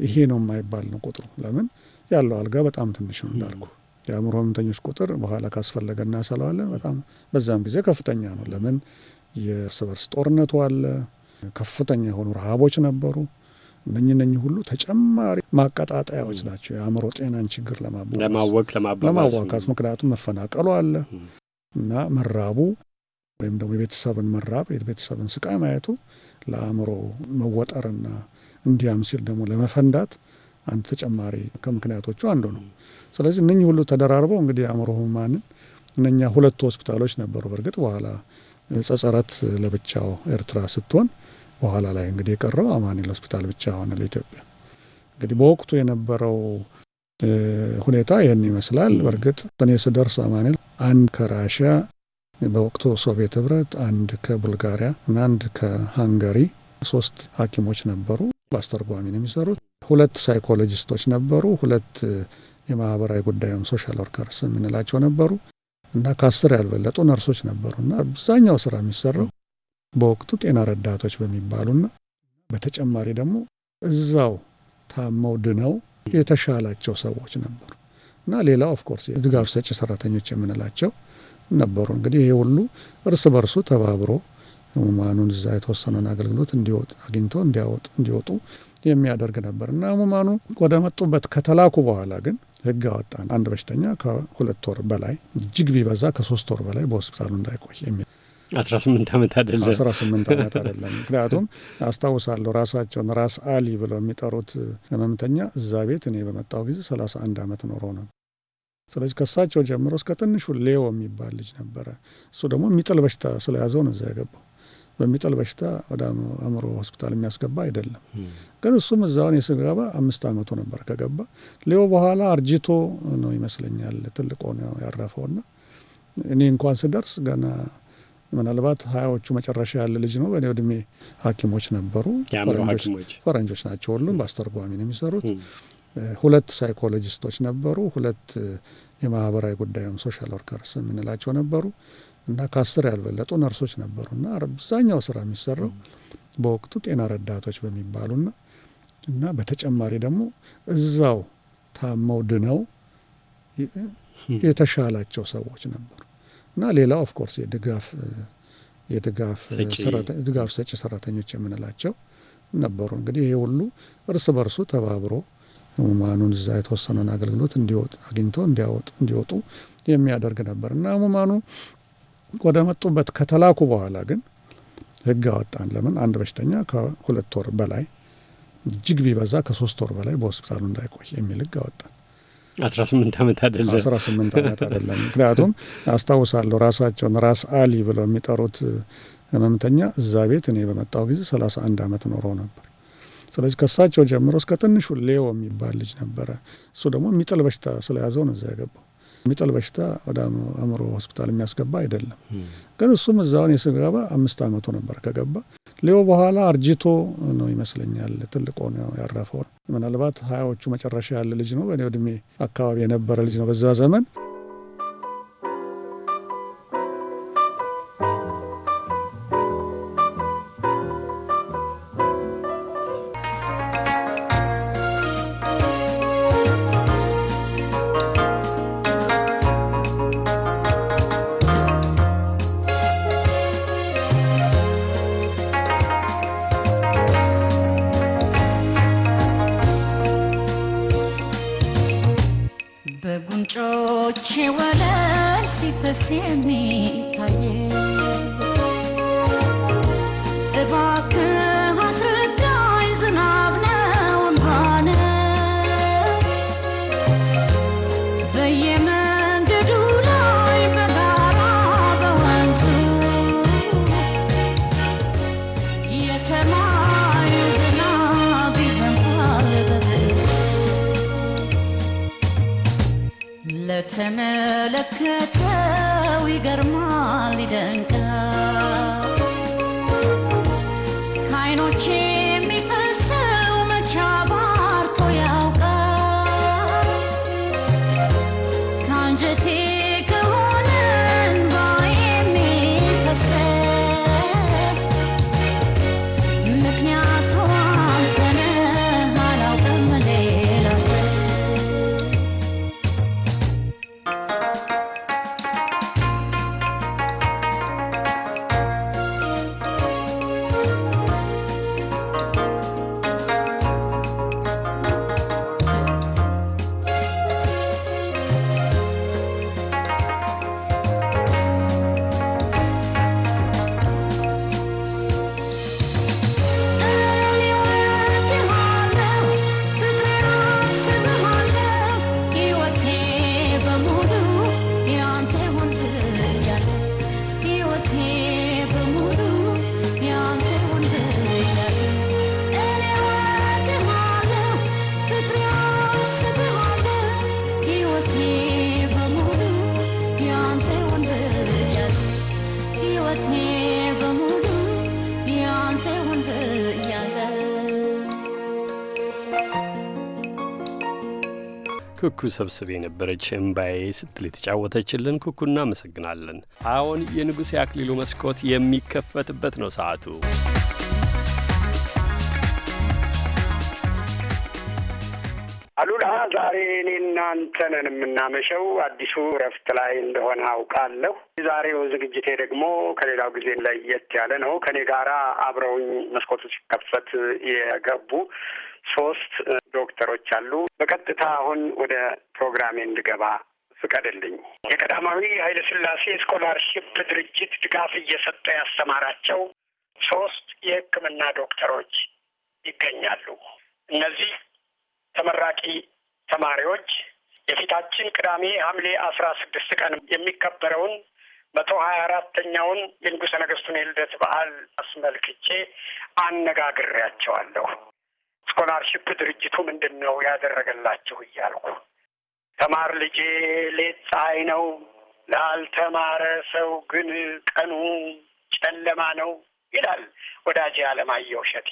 [SPEAKER 4] ይሄ ነው የማይባል ነው ቁጥሩ። ለምን ያለው አልጋ በጣም ትንሽ ነው እንዳልኩ የአእምሮ ህመምተኞች ቁጥር በኋላ ካስፈለገ እናሰላዋለን። በጣም በዛም ጊዜ ከፍተኛ ነው። ለምን የእርስ በርስ ጦርነቱ አለ፣ ከፍተኛ የሆኑ ረሃቦች ነበሩ። እነኝ ሁሉ ተጨማሪ ማቀጣጠያዎች ናቸው የአእምሮ ጤናን ችግር
[SPEAKER 1] ለማለማወቅ
[SPEAKER 4] ምክንያቱም መፈናቀሉ አለ እና መራቡ ወይም ደግሞ የቤተሰብን መራብ የቤተሰብን ስቃይ ማየቱ ለአእምሮ መወጠርና እንዲያም ሲል ደግሞ ለመፈንዳት አንድ ተጨማሪ ከምክንያቶቹ አንዱ ነው። ስለዚህ እነኚህ ሁሉ ተደራርበው እንግዲህ አእምሮ ህሙማንን እነኛ ሁለቱ ሆስፒታሎች ነበሩ። በእርግጥ በኋላ ጸጸረት ለብቻው ኤርትራ ስትሆን በኋላ ላይ እንግዲህ የቀረው አማኑኤል ሆስፒታል ብቻ ሆነ ለኢትዮጵያ። እንግዲህ በወቅቱ የነበረው ሁኔታ ይህን ይመስላል። በእርግጥ እኔ ስደርስ አማኑኤል አንድ ከራሽያ በወቅቱ ሶቪየት ህብረት፣ አንድ ከቡልጋሪያ እና አንድ ከሃንጋሪ ሶስት ሐኪሞች ነበሩ። በአስተርጓሚ ነው የሚሰሩት። ሁለት ሳይኮሎጂስቶች ነበሩ። ሁለት የማህበራዊ ጉዳዩም ሶሻል ወርከርስ የምንላቸው ነበሩ እና ከአስር ያልበለጡ ነርሶች ነበሩ እና አብዛኛው ስራ የሚሰራው በወቅቱ ጤና ረዳቶች በሚባሉና በተጨማሪ ደግሞ እዛው ታመው ድነው የተሻላቸው ሰዎች ነበሩ እና ሌላው ኦፍኮርስ የድጋፍ ሰጪ ሰራተኞች የምንላቸው ነበሩ። እንግዲህ ይሄ ሁሉ እርስ በርሱ ተባብሮ ህሙማኑን እዛ የተወሰነውን አገልግሎት እንዲወጡ አግኝተው እንዲያወጡ እንዲወጡ የሚያደርግ ነበር እና ህሙማኑ ወደ መጡበት ከተላኩ በኋላ ግን ህግ አወጣን። አንድ በሽተኛ ከሁለት ወር በላይ እጅግ ቢበዛ ከሶስት ወር በላይ በሆስፒታሉ እንዳይቆይ የሚል
[SPEAKER 1] አስራ ስምንት ዓመት አይደለም አስራ ስምንት ዓመት
[SPEAKER 4] አይደለም። ምክንያቱም አስታውሳለሁ ራሳቸውን ራስ አሊ ብለው የሚጠሩት ህመምተኛ እዛ ቤት እኔ በመጣው ጊዜ ሰላሳ አንድ ዓመት ኖሮ ነው። ስለዚህ ከሳቸው ጀምሮ እስከ ትንሹ ሌዮ የሚባል ልጅ ነበረ። እሱ ደግሞ የሚጥል በሽታ ስለያዘው ነው እዛ የገባው። በሚጥል በሽታ ወደ አእምሮ ሆስፒታል የሚያስገባ አይደለም። hmm. ግን እሱም እዛውን የስገባ አምስት አመቱ ነበር ከገባ ሌው በኋላ አርጅቶ ነው ይመስለኛል ትልቅ ሆኖ ያረፈውና እኔ እንኳን ስደርስ ገና ምናልባት ሀያዎቹ መጨረሻ ያለ ልጅ ነው። በእኔ እድሜ ሐኪሞች ነበሩ ፈረንጆች ናቸው። ሁሉም hmm. በአስተርጓሚ ነው የሚሰሩት። hmm. ሁለት ሳይኮሎጂስቶች ነበሩ። ሁለት የማህበራዊ ጉዳዩም ሶሻል ወርከርስ የምንላቸው ነበሩ። እና ከአስር ያልበለጡ ነርሶች ነበሩ አብዛኛው ስራ የሚሰራው በወቅቱ ጤና ረዳቶች በሚባሉና እና በተጨማሪ ደግሞ እዛው ታመው ድነው የተሻላቸው ሰዎች ነበሩ እና ሌላው ኦፍኮርስ የድጋፍ የድጋፍ ድጋፍ ሰጪ ሰራተኞች የምንላቸው ነበሩ። እንግዲህ ይሄ ሁሉ እርስ በርሱ ተባብሮ ህሙማኑን እዛ የተወሰነውን አገልግሎት እንዲወጡ አግኝተው እንዲያወጡ እንዲወጡ የሚያደርግ ነበር እና ህሙማኑ ወደ መጡበት ከተላኩ በኋላ ግን ህግ አወጣን። ለምን አንድ በሽተኛ ከሁለት ወር በላይ እጅግ ቢበዛ ከሶስት ወር በላይ በሆስፒታሉ እንዳይቆይ የሚል ህግ አወጣን።
[SPEAKER 1] አስራ ስምንት ዓመት አደለም፣ አስራ ስምንት ዓመት አይደለም።
[SPEAKER 4] ምክንያቱም አስታውሳለሁ ራሳቸውን ራስ አሊ ብለው የሚጠሩት ህመምተኛ እዛ ቤት እኔ በመጣው ጊዜ ሰላሳ አንድ ዓመት ኖረው ነበር። ስለዚህ ከእሳቸው ጀምሮ እስከ ትንሹ ሌዮ የሚባል ልጅ ነበረ። እሱ ደግሞ የሚጥል በሽታ ስለያዘው ነው እዛ የገባው። የሚጥል በሽታ ወደ አእምሮ ሆስፒታል የሚያስገባ አይደለም። ግን እሱም እዛውን የስገባ አምስት ዓመቱ ነበር ከገባ ሊዮ በኋላ አርጅቶ ነው ይመስለኛል ትልቅ ሆኖ ያረፈው። ምናልባት ሀያዎቹ መጨረሻ ያለ ልጅ ነው። በእኔ እድሜ አካባቢ የነበረ ልጅ ነው በዛ ዘመን
[SPEAKER 1] ኩኩ ሰብስብ የነበረች እምባዬ ስትል የተጫወተችልን ኩኩ እናመሰግናለን። አሁን የንጉሥ አክሊሉ መስኮት የሚከፈትበት ነው ሰዓቱ።
[SPEAKER 9] አሉላ፣ ዛሬ እኔ እናንተ የምናመሸው አዲሱ እረፍት ላይ እንደሆነ አውቃለሁ። የዛሬው ዝግጅቴ ደግሞ ከሌላው ጊዜ ለየት ያለ ነው። ከኔ ጋራ አብረውኝ መስኮቱ ሲከፈት የገቡ ሶስት ዶክተሮች አሉ። በቀጥታ አሁን ወደ ፕሮግራሜ እንድገባ ፍቀድልኝ። የቀዳማዊ ኃይለ ሥላሴ ስኮላርሺፕ ድርጅት ድጋፍ እየሰጠ ያስተማራቸው ሶስት የሕክምና ዶክተሮች ይገኛሉ። እነዚህ ተመራቂ ተማሪዎች የፊታችን ቅዳሜ ሐምሌ አስራ ስድስት ቀን የሚከበረውን መቶ ሀያ አራተኛውን የንጉሠ ነገሥቱን የልደት በዓል አስመልክቼ አነጋግሬያቸዋለሁ። ስኮላርሽፕ ድርጅቱ ምንድን ነው ያደረገላችሁ እያልኩ ተማር ልጄ ሌት ፀሐይ ነው፣ ላልተማረ ሰው ግን ቀኑ ጨለማ ነው ይላል ወዳጄ አለማየሁ እሸቴ።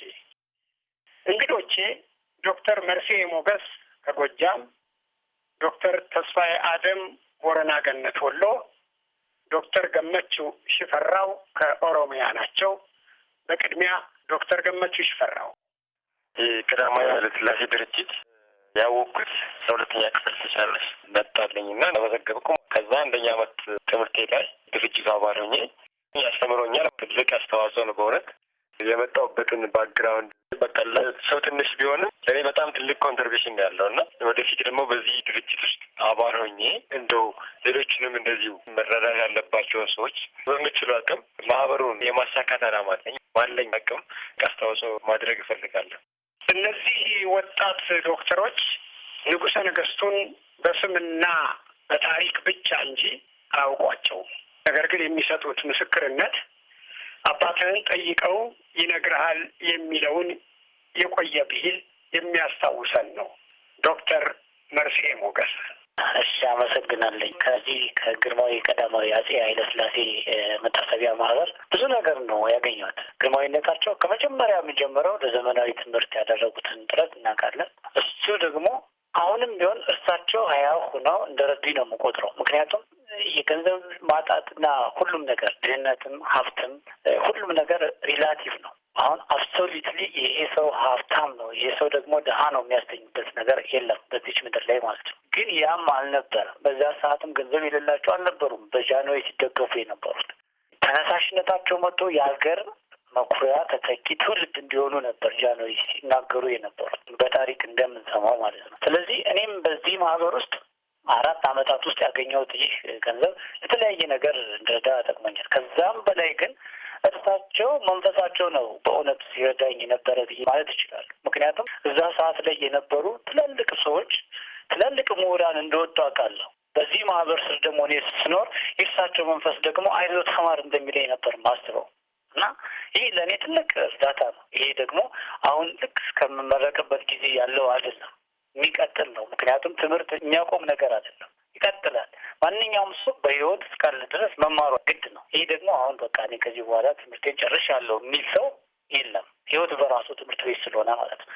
[SPEAKER 9] እንግዶቼ ዶክተር መርሴ ሞገስ ከጎጃም፣ ዶክተር ተስፋዬ አደም ቦረና ገነት ወሎ፣ ዶክተር ገመቹ ሽፈራው ከኦሮሚያ ናቸው። በቅድሚያ ዶክተር ገመቹ ሽፈራው የቀዳማዊ ኃይለሥላሴ ድርጅት ያወቅኩት ለሁለተኛ ክፍል ስጨርስ መጣለኝ እና ለመዘገብኩ ከዛ አንደኛ አመት ትምህርቴ ላይ ድርጅቱ አባል ሆኜ ያስተምሮኛል። ትልቅ አስተዋጽኦ ነው በእውነት የመጣሁበትን ባክግራውንድ በቃ ሰው ትንሽ ቢሆንም ለእኔ በጣም ትልቅ ኮንትሪቢሽን ያለው እና ወደፊት ደግሞ በዚህ ድርጅት ውስጥ አባል ሆኜ እንደው ሌሎችንም እንደዚሁ መረዳት ያለባቸውን ሰዎች በምችሉ አቅም ማህበሩን የማሳካት አላማ አለኝ። ባለኝ አቅም አስተዋጽኦ ማድረግ እፈልጋለሁ። እነዚህ ወጣት ዶክተሮች ንጉሠ ነገሥቱን በስምና በታሪክ ብቻ እንጂ አያውቋቸውም ነገር ግን የሚሰጡት ምስክርነት አባትህን ጠይቀው ይነግርሃል የሚለውን የቆየ ብሂል የሚያስታውሰን ነው።
[SPEAKER 10] ዶክተር መርስኤ ሞገስ እሺ አመሰግናለኝ። ከዚህ ከግርማዊ ቀዳማዊ አጼ ኃይለስላሴ መታሰቢያ ማህበር ብዙ ነገር ነው ያገኘሁት። ግርማዊነታቸው ከመጀመሪያ የሚጀምረው ለዘመናዊ ትምህርት ያደረጉትን ጥረት እናውቃለን። እሱ ደግሞ አሁንም ቢሆን እርሳቸው ሀያው ሆነው እንደረዱኝ ነው የምቆጥረው። ምክንያቱም የገንዘብ ማጣትና ሁሉም ነገር ድህነትም፣ ሀብትም ሁሉም ነገር ሪላቲቭ ነው። አሁን አብሶሉትሊ ይሄ ሰው ሀብታም ነው፣ ይሄ ሰው ደግሞ ድሀ ነው የሚያስገኝበት ነገር የለም በዚች ምድር ላይ ማለት ነው። ግን ያም አልነበረም። በዛ ሰዓትም ገንዘብ የሌላቸው አልነበሩም። በጃንሆይ ሲደገፉ የነበሩት ተነሳሽነታቸው መጥቶ የሀገር መኩሪያ ተተኪ ትውልድ እንዲሆኑ ነበር ጃንሆይ ሲናገሩ የነበሩት በታሪክ እንደምንሰማው ማለት ነው። ስለዚህ እኔም በዚህ ማህበር ውስጥ አራት አመታት ውስጥ ያገኘሁት ይህ ገንዘብ ለተለያየ ነገር እንደዳ ጠቅመኛል። ከዛም በላይ ግን ቀጥታቸው መንፈሳቸው ነው በእውነት ሲረዳኝ የነበረ ብዬ ማለት ይችላል። ምክንያቱም እዛ ሰዓት ላይ የነበሩ ትላልቅ ሰዎች ትላልቅ ምሁራን እንደወጡ አውቃለሁ። በዚህ ማህበር ስር ደግሞ እኔ ስኖር የእርሳቸው መንፈስ ደግሞ አይዞ ተማር እንደሚለኝ ነበር ማስበው እና ይህ ለእኔ ትልቅ እርዳታ ነው። ይሄ ደግሞ አሁን ልክ እስከምመረቅበት ጊዜ ያለው አይደለም፣ የሚቀጥል ነው። ምክንያቱም ትምህርት የሚያቆም ነገር አይደለም፣ ይቀጥላል። ማንኛውም ሰው በህይወት እስካለ ድረስ መማሯ ግድ ይህ ደግሞ አሁን በቃ እኔ ከዚህ በኋላ ትምህርቴን ጨርሻለሁ የሚል ሰው የለም። ህይወት በራሱ ትምህርት ቤት ስለሆነ ማለት ነው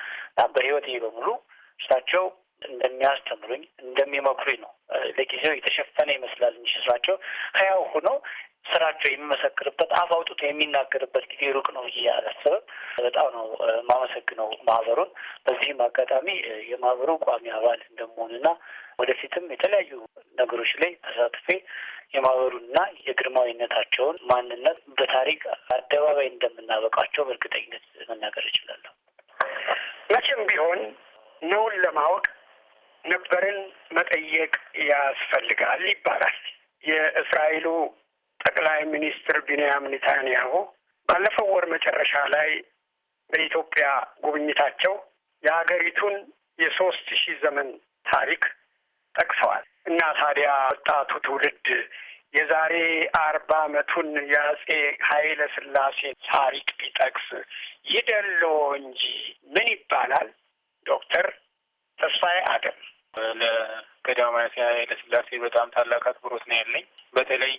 [SPEAKER 10] በህይወት ይሄ በሙሉ እሳቸው እንደሚያስተምሩኝ እንደሚመክሩኝ ነው። ለጊዜው የተሸፈነ ይመስላል እንጂ ስራቸው ህያው ሆነው ስራቸው የሚመሰክርበት አፍ አውጥቶ የሚናገርበት ጊዜ ሩቅ ነው ብዬ አላስብም። በጣም ነው የማመሰግነው ማህበሩን። በዚህም አጋጣሚ የማህበሩ ቋሚ አባል እንደመሆንና ወደፊትም የተለያዩ ነገሮች ላይ ተሳትፌ የማህበሩና የግርማዊነታቸውን ማንነት በታሪክ አደባባይ እንደምናበቃቸው በእርግጠኝነት መናገር እችላለሁ። መቼም ቢሆን ነውን ለማወቅ
[SPEAKER 9] ነበርን መጠየቅ ያስፈልጋል ይባላል። የእስራኤሉ ጠቅላይ ሚኒስትር ቢንያም ኔታንያሁ ባለፈው ወር መጨረሻ ላይ በኢትዮጵያ ጉብኝታቸው የሀገሪቱን የሶስት ሺህ ዘመን ታሪክ ጠቅሰዋል። እና ታዲያ ወጣቱ ትውልድ የዛሬ አርባ አመቱን የአጼ ኃይለ ስላሴ ታሪክ ቢጠቅስ ይደሎ እንጂ ምን ይባላል? ዶክተር ተስፋዬ አደም ለቀዳማዊ ኃይለ በጣም ታላቅ አክብሮት ነው ያለኝ። በተለይ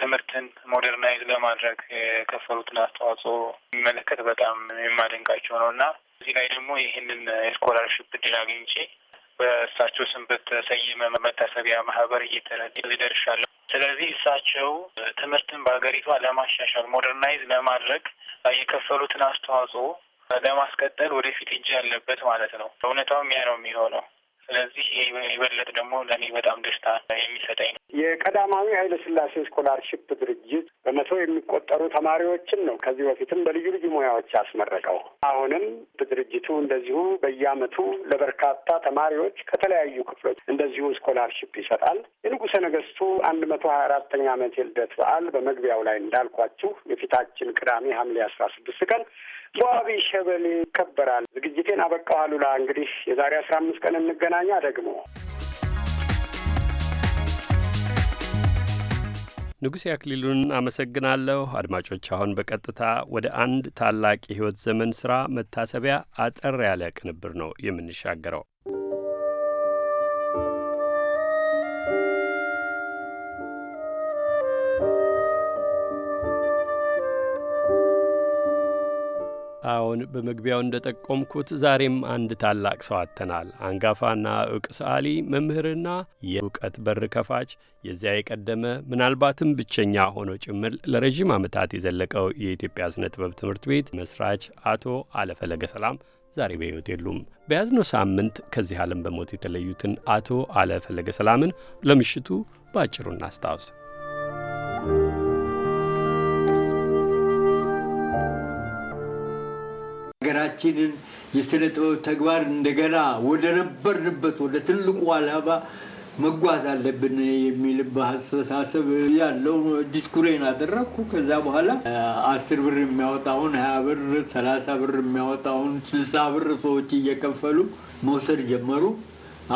[SPEAKER 9] ትምህርትን ሞደርናይዝ ለማድረግ የከፈሉትን አስተዋጽኦ የሚመለከት በጣም የማደንቃቸው ነው እና እዚህ ላይ ደግሞ ይህንን የስኮላርሽፕ እድል አግኝቼ በእሳቸው ስም በተሰየመ መታሰቢያ ማህበር እየተረዳሁ ደርሻለሁ። ስለዚህ እሳቸው ትምህርትን በሀገሪቷ ለማሻሻል ሞደርናይዝ ለማድረግ የከፈሉትን አስተዋጽኦ ለማስቀጠል ወደፊት እጅ ያለበት ማለት ነው። እውነታውም ያ ነው የሚሆነው።
[SPEAKER 10] ስለዚህ ይበለጥ ደግሞ ለእኔ በጣም ደስታ የሚሰጠኝ ነው።
[SPEAKER 9] የቀዳማዊ ኃይለ ስላሴ ስኮላርሽፕ ድርጅት በመቶ የሚቆጠሩ ተማሪዎችን ነው ከዚህ በፊትም በልዩ ልዩ ሙያዎች ያስመረቀው። አሁንም ድርጅቱ እንደዚሁ በየአመቱ ለበርካታ ተማሪዎች ከተለያዩ ክፍሎች እንደዚሁ ስኮላርሽፕ ይሰጣል። የንጉሰ ነገስቱ አንድ መቶ ሀያ አራተኛ ዓመት የልደት በዓል በመግቢያው ላይ እንዳልኳችሁ የፊታችን ቅዳሜ ሐምሌ አስራ ስድስት ቀን ዋቢ ሸበሌ ይከበራል። ዝግጅቴን አበቃው። አሉላ እንግዲህ የዛሬ አስራ አምስት ቀን እንገናኛ ደግሞ
[SPEAKER 1] ንጉሴ አክሊሉን አመሰግናለሁ። አድማጮች አሁን በቀጥታ ወደ አንድ ታላቅ የሕይወት ዘመን ስራ መታሰቢያ አጠር ያለ ቅንብር ነው የምንሻገረው። አዎን በመግቢያው እንደ ጠቆምኩት ዛሬም አንድ ታላቅ ሰው አጥተናል። አንጋፋና እውቅ ሰዓሊ መምህርና የእውቀት በር ከፋች የዚያ የቀደመ ምናልባትም ብቸኛ ሆኖ ጭምር ለረዥም ዓመታት የዘለቀው የኢትዮጵያ ስነ ጥበብ ትምህርት ቤት መስራች አቶ አለፈለገ ሰላም ዛሬ በሕይወት የሉም። በያዝነው ሳምንት ከዚህ ዓለም በሞት የተለዩትን አቶ አለፈለገ ሰላምን ለምሽቱ በአጭሩ እናስታውስ።
[SPEAKER 3] ሀገራችንን የስነ ጥበብ ተግባር እንደገና ወደ ነበርንበት ወደ ትልቁ አላባ መጓዝ አለብን የሚል አስተሳሰብ ያለው ዲስኩሬን አደረግኩ። ከዛ በኋላ አስር ብር የሚያወጣውን ሀያ ብር፣ ሰላሳ ብር የሚያወጣውን ስልሳ ብር ሰዎች እየከፈሉ መውሰድ ጀመሩ።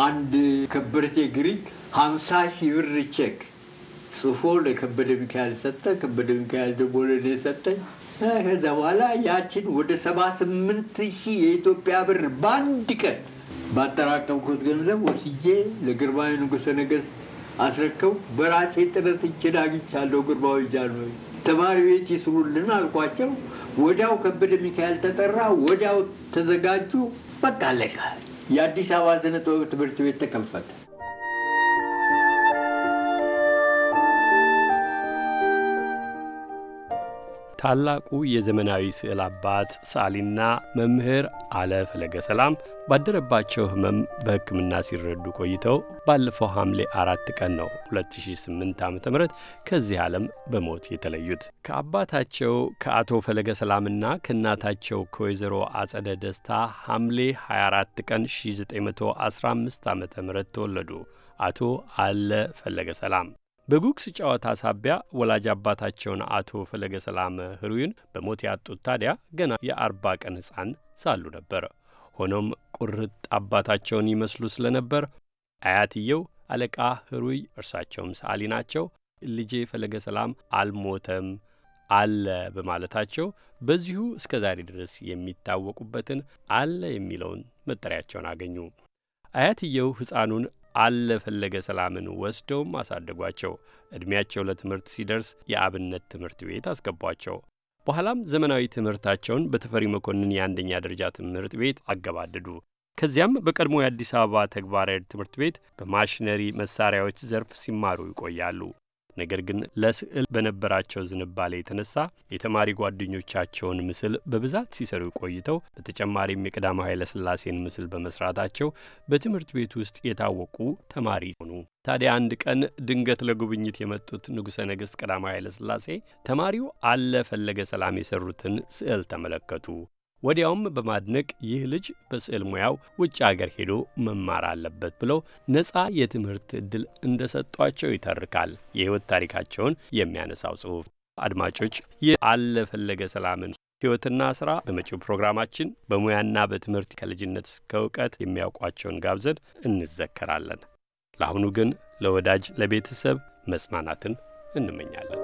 [SPEAKER 3] አንድ ከበርቴ ግሪክ ሀምሳ ሺህ ብር ቼክ ጽፎ ለከበደ ሚካኤል ሰጠ። ከበደ ሚካኤል ደግሞ ለእኔ ሰጠኝ። ከዛ በኋላ ያችን ወደ ሰባ ስምንት ሺህ የኢትዮጵያ ብር በአንድ ቀን ባጠራቀምኩት ገንዘብ ወስጄ ለግርማዊ ንጉሠ ነገሥት አስረከው በራሴ ጥረት እችን አግኝቻለሁ። ግርማዊ ጃንሆይ ተማሪ ቤት ይስሩልን አልኳቸው። ወዲያው ከበደ ሚካኤል ተጠራ። ወዲያው ተዘጋጁ። በቃ አለቀ። የአዲስ አበባ ስነ ጥበብ ትምህርት ቤት ተከፈተ።
[SPEAKER 1] ታላቁ የዘመናዊ ስዕል አባት ሳሊና መምህር አለ ፈለገ ሰላም ባደረባቸው ህመም በሕክምና ሲረዱ ቆይተው ባለፈው ሐምሌ አራት ቀን ነው 2008 ዓ ም ከዚህ ዓለም በሞት የተለዩት። ከአባታቸው ከአቶ ፈለገ ሰላምና ከእናታቸው ከወይዘሮ አጸደ ደስታ ሐምሌ 24 ቀን 1915 ዓ ም ተወለዱ አቶ አለ ፈለገ ሰላም በጉግስ ጨዋታ ሳቢያ ወላጅ አባታቸውን አቶ ፈለገ ሰላም ህሩይን በሞት ያጡት ታዲያ ገና የአርባ ቀን ሕፃን ሳሉ ነበር። ሆኖም ቁርጥ አባታቸውን ይመስሉ ስለነበር አያትየው አለቃ ህሩይ፣ እርሳቸውም ሰዓሊ ናቸው፣ ልጄ ፈለገ ሰላም አልሞተም አለ በማለታቸው በዚሁ እስከ ዛሬ ድረስ የሚታወቁበትን አለ የሚለውን መጠሪያቸውን አገኙ። አያትየው ሕፃኑን አለፈለገ ሰላምን ወስደውም አሳደጓቸው። ዕድሜያቸው ለትምህርት ሲደርስ የአብነት ትምህርት ቤት አስገቧቸው። በኋላም ዘመናዊ ትምህርታቸውን በተፈሪ መኮንን የአንደኛ ደረጃ ትምህርት ቤት አገባደዱ። ከዚያም በቀድሞ የአዲስ አበባ ተግባራዊ ትምህርት ቤት በማሽነሪ መሳሪያዎች ዘርፍ ሲማሩ ይቆያሉ። ነገር ግን ለስዕል በነበራቸው ዝንባሌ የተነሳ የተማሪ ጓደኞቻቸውን ምስል በብዛት ሲሰሩ ቆይተው በተጨማሪም የቀዳማ ኃይለ ሥላሴን ምስል በመስራታቸው በትምህርት ቤት ውስጥ የታወቁ ተማሪ ሆኑ። ታዲያ አንድ ቀን ድንገት ለጉብኝት የመጡት ንጉሠ ነገሥት ቀዳማዊ ኃይለ ሥላሴ ተማሪው አለ ፈለገ ሰላም የሰሩትን ስዕል ተመለከቱ። ወዲያውም በማድነቅ ይህ ልጅ በስዕል ሙያው ውጭ አገር ሄዶ መማር አለበት ብለው ነጻ የትምህርት ዕድል እንደሰጧቸው ይተርካል የሕይወት ታሪካቸውን የሚያነሳው ጽሑፍ። አድማጮች የአለፈለገ ሰላምን ሕይወትና ስራ በመጪው ፕሮግራማችን በሙያና በትምህርት ከልጅነት እስከ እውቀት የሚያውቋቸውን ጋብዘን እንዘከራለን። ለአሁኑ ግን ለወዳጅ ለቤተሰብ መጽናናትን እንመኛለን።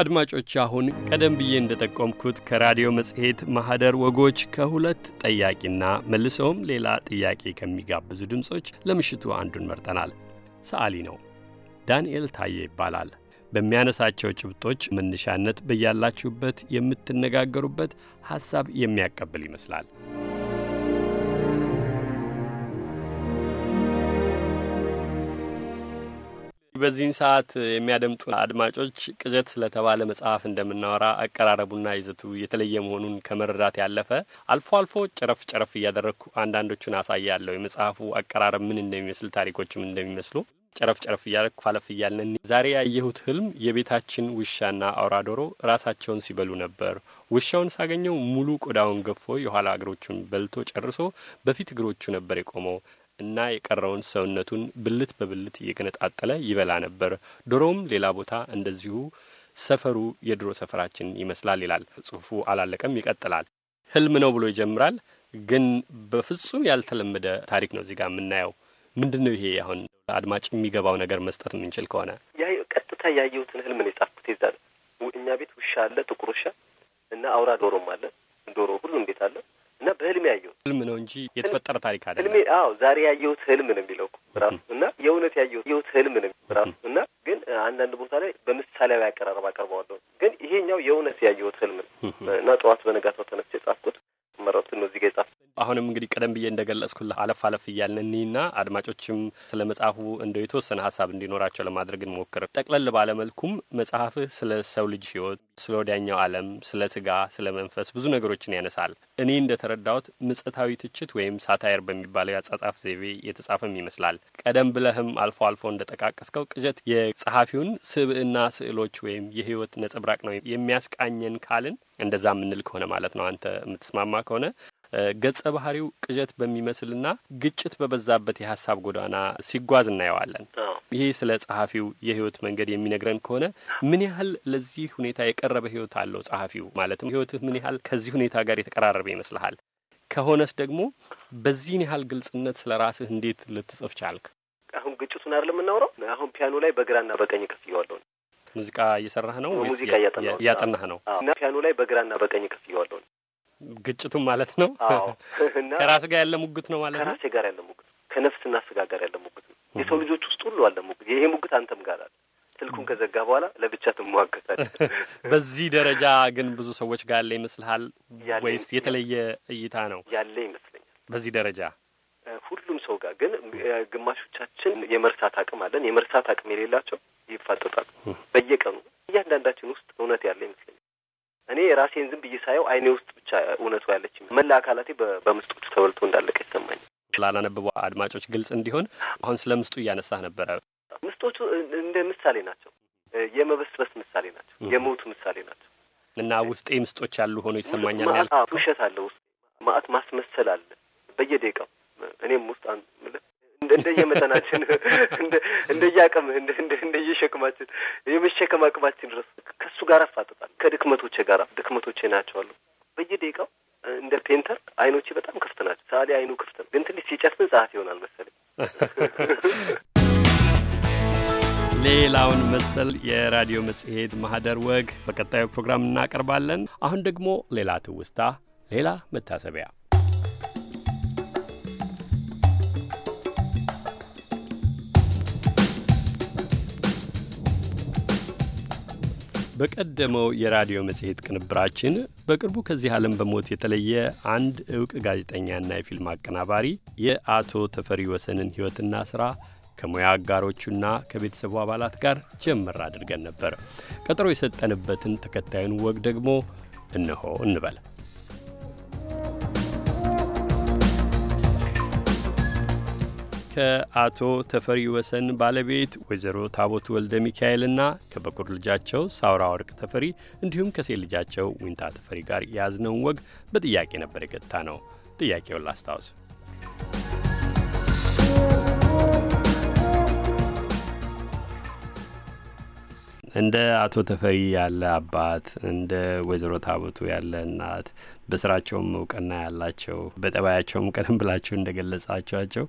[SPEAKER 1] አድማጮች አሁን ቀደም ብዬ እንደጠቆምኩት ከራዲዮ መጽሔት ማህደር ወጎች ከሁለት ጠያቂና መልሰውም ሌላ ጥያቄ ከሚጋብዙ ድምፆች ለምሽቱ አንዱን መርጠናል። ሰዓሊ ነው። ዳንኤል ታዬ ይባላል። በሚያነሳቸው ጭብጦች መነሻነት በያላችሁበት የምትነጋገሩበት ሐሳብ የሚያቀብል ይመስላል። በዚህን ሰዓት የሚያደምጡ አድማጮች ቅዠት ስለተባለ መጽሐፍ እንደምናወራ አቀራረቡና ይዘቱ የተለየ መሆኑን ከመረዳት ያለፈ አልፎ አልፎ ጨረፍ ጨረፍ እያደረግኩ አንዳንዶቹን አሳያለሁ። የመጽሐፉ አቀራረብ ምን እንደሚመስል፣ ታሪኮችም እንደሚመስሉ ጨረፍ ጨረፍ እያደረግኩ አለፍ እያልን ዛሬ ያየሁት ህልም የቤታችን ውሻና አውራ ዶሮ ራሳቸውን ሲበሉ ነበር። ውሻውን ሳገኘው ሙሉ ቆዳውን ገፎ የኋላ እግሮቹን በልቶ ጨርሶ በፊት እግሮቹ ነበር የቆመው። እና የቀረውን ሰውነቱን ብልት በብልት እየገነጣጠለ ይበላ ነበር። ዶሮውም ሌላ ቦታ እንደዚሁ ሰፈሩ የድሮ ሰፈራችን ይመስላል ይላል ጽሁፉ አላለቀም፣ ይቀጥላል። ህልም ነው ብሎ ይጀምራል። ግን በፍጹም ያልተለመደ ታሪክ ነው እዚጋ የምናየው። ምንድን ነው ይሄ? አሁን አድማጭ የሚገባው ነገር መስጠት የምንችል ከሆነ
[SPEAKER 11] ቀጥታ ያየሁትን ህልም ነው የጻፍኩት። ይዛል እኛ ቤት ውሻ አለ፣ ጥቁር ውሻ እና አውራ ዶሮም አለ። ዶሮ ሁሉም ቤት አለ እና በህልም ያየሁት
[SPEAKER 1] ህልም ነው እንጂ የተፈጠረ ታሪክ አለ። ህልሜ
[SPEAKER 11] አዎ፣ ዛሬ ያየሁት ህልም ነው የሚለው ራሱ እና የእውነት ያየሁት ህልም ነው ራሱ እና ግን አንዳንድ ቦታ ላይ በምሳሌያዊ አቀራረብ አቀርበዋለሁ። ግን ይሄኛው የእውነት ያየሁት ህልም ነው እና ጠዋት በነጋታው ተነስቼ የጻፍኩት
[SPEAKER 1] መረቱን ነው እዚህ ጋር የጻፍኩት። አሁንም እንግዲህ ቀደም ብዬ እንደገለጽኩልህ አለፍ አለፍ እያልን እኒህና አድማጮችም ስለ መጽሐፉ እንደው የተወሰነ ሀሳብ እንዲኖራቸው ለማድረግ እንሞክር። ጠቅለል ባለመልኩም መጽሐፍህ ስለ ሰው ልጅ ህይወት፣ ስለ ወዲያኛው ዓለም፣ ስለ ስጋ፣ ስለ መንፈስ ብዙ ነገሮችን ያነሳል። እኔ እንደተረዳሁት ምጸታዊ ትችት ወይም ሳታየር በሚባለው የአጻጻፍ ዘይቤ የተጻፈም ይመስላል። ቀደም ብለህም አልፎ አልፎ እንደጠቃቀስከው ቅዠት የጸሐፊውን ስብዕና ስዕሎች ወይም የህይወት ነጸብራቅ ነው የሚያስቃኘን ካልን እንደዛ የምንል ከሆነ ማለት ነው አንተ የምትስማማ ከሆነ ገጸ ባህሪው ቅዠት በሚመስልና ግጭት በበዛበት የሀሳብ ጎዳና ሲጓዝ እናየዋለን። ይሄ ስለ ጸሐፊው የህይወት መንገድ የሚነግረን ከሆነ ምን ያህል ለዚህ ሁኔታ የቀረበ ህይወት አለው ጸሐፊው? ማለትም ህይወትህ ምን ያህል ከዚህ ሁኔታ ጋር የተቀራረበ ይመስልሃል? ከሆነስ ደግሞ በዚህን ያህል ግልጽነት ስለ ራስህ እንዴት ልትጽፍ ቻልክ?
[SPEAKER 11] አሁን ግጭቱን አይደል የምናውረው። አሁን ፒያኖ ላይ በግራና በቀኝ ከፍየዋለሁ።
[SPEAKER 1] ሙዚቃ እየሰራህ ነው? ሙዚቃ እያጠናህ ነው?
[SPEAKER 11] እና ፒያኖ ላይ በግራና በቀኝ ከፍየዋለሁ።
[SPEAKER 1] ግጭቱም ማለት ነው።
[SPEAKER 11] ከራስ ጋር ያለ ሙግት ነው ማለት ነው። ከራሴ ጋር ያለ ሙግት ከነፍስና ስጋ ጋር ያለ ሙግት ነው። የሰው ልጆች ውስጥ ሁሉ አለ ሙግት። ይሄ ሙግት አንተም ጋር አለ። ስልኩን ከዘጋ በኋላ ለብቻ ትሟገታል።
[SPEAKER 1] በዚህ ደረጃ ግን ብዙ ሰዎች ጋር ያለ ይመስልሃል ወይስ የተለየ እይታ ነው?
[SPEAKER 11] ያለ ይመስለኛል በዚህ ደረጃ ሁሉም ሰው ጋር ግን ግማሾቻችን የመርሳት አቅም አለን። የመርሳት አቅም የሌላቸው ይፋጠጣሉ። በየቀኑ እያንዳንዳችን ውስጥ እውነት ያለ ይመስለኛል። እኔ ራሴን ዝም ብዬ ሳየው አይኔ ውስጥ ብቻ እውነቱ ያለች መላ አካላቴ በምስጦቹ ተበልቶ እንዳለቀ ይሰማኝ።
[SPEAKER 1] ላላነበቡ አድማጮች ግልጽ እንዲሆን አሁን ስለ ምስጡ እያነሳህ ነበረ።
[SPEAKER 11] ምስጦቹ እንደ ምሳሌ ናቸው። የመበስበስ ምሳሌ ናቸው። የሞቱ ምሳሌ ናቸው
[SPEAKER 1] እና ውስጤ ምስጦች ያሉ ሆኖ ይሰማኛል። ያል
[SPEAKER 11] ውሸት አለ ውስጥ ማአት ማስመሰል አለ በየደቂቃው እኔም ውስጥ አን እንደየመጠናችን እንደየአቅምህ እንደየሸክማችን የመሸከም አቅማችን ድረስ ከእሱ ጋር አፋጠጣል። ከድክመቶቼ ጋር ድክመቶቼ ናቸዋሉ
[SPEAKER 1] ሌላውን መሰል የራዲዮ መጽሔት ማህደር ወግ በቀጣዩ ፕሮግራም እናቀርባለን። አሁን ደግሞ ሌላ ትውስታ፣ ሌላ መታሰቢያ በቀደመው የራዲዮ መጽሔት ቅንብራችን በቅርቡ ከዚህ ዓለም በሞት የተለየ አንድ እውቅ ጋዜጠኛና የፊልም አቀናባሪ የአቶ ተፈሪ ወሰንን ሕይወትና ሥራ ከሙያ አጋሮቹና ከቤተሰቡ አባላት ጋር ጀምር አድርገን ነበር። ቀጠሮ የሰጠንበትን ተከታዩን ወግ ደግሞ እነሆ እንበል። ከአቶ ተፈሪ ወሰን ባለቤት ወይዘሮ ታቦት ወልደ ሚካኤልና ከበኩር ልጃቸው ሳውራ ወርቅ ተፈሪ እንዲሁም ከሴት ልጃቸው ዊንታ ተፈሪ ጋር የያዝነውን ወግ በጥያቄ ነበር የገታ ነው። ጥያቄውን ላስታውስ። እንደ አቶ ተፈሪ ያለ አባት እንደ ወይዘሮ ታቦቱ ያለ እናት በስራቸውም እውቅና ያላቸው በጠባያቸውም ቀደም ብላችሁ እንደ ገለጻችኋቸው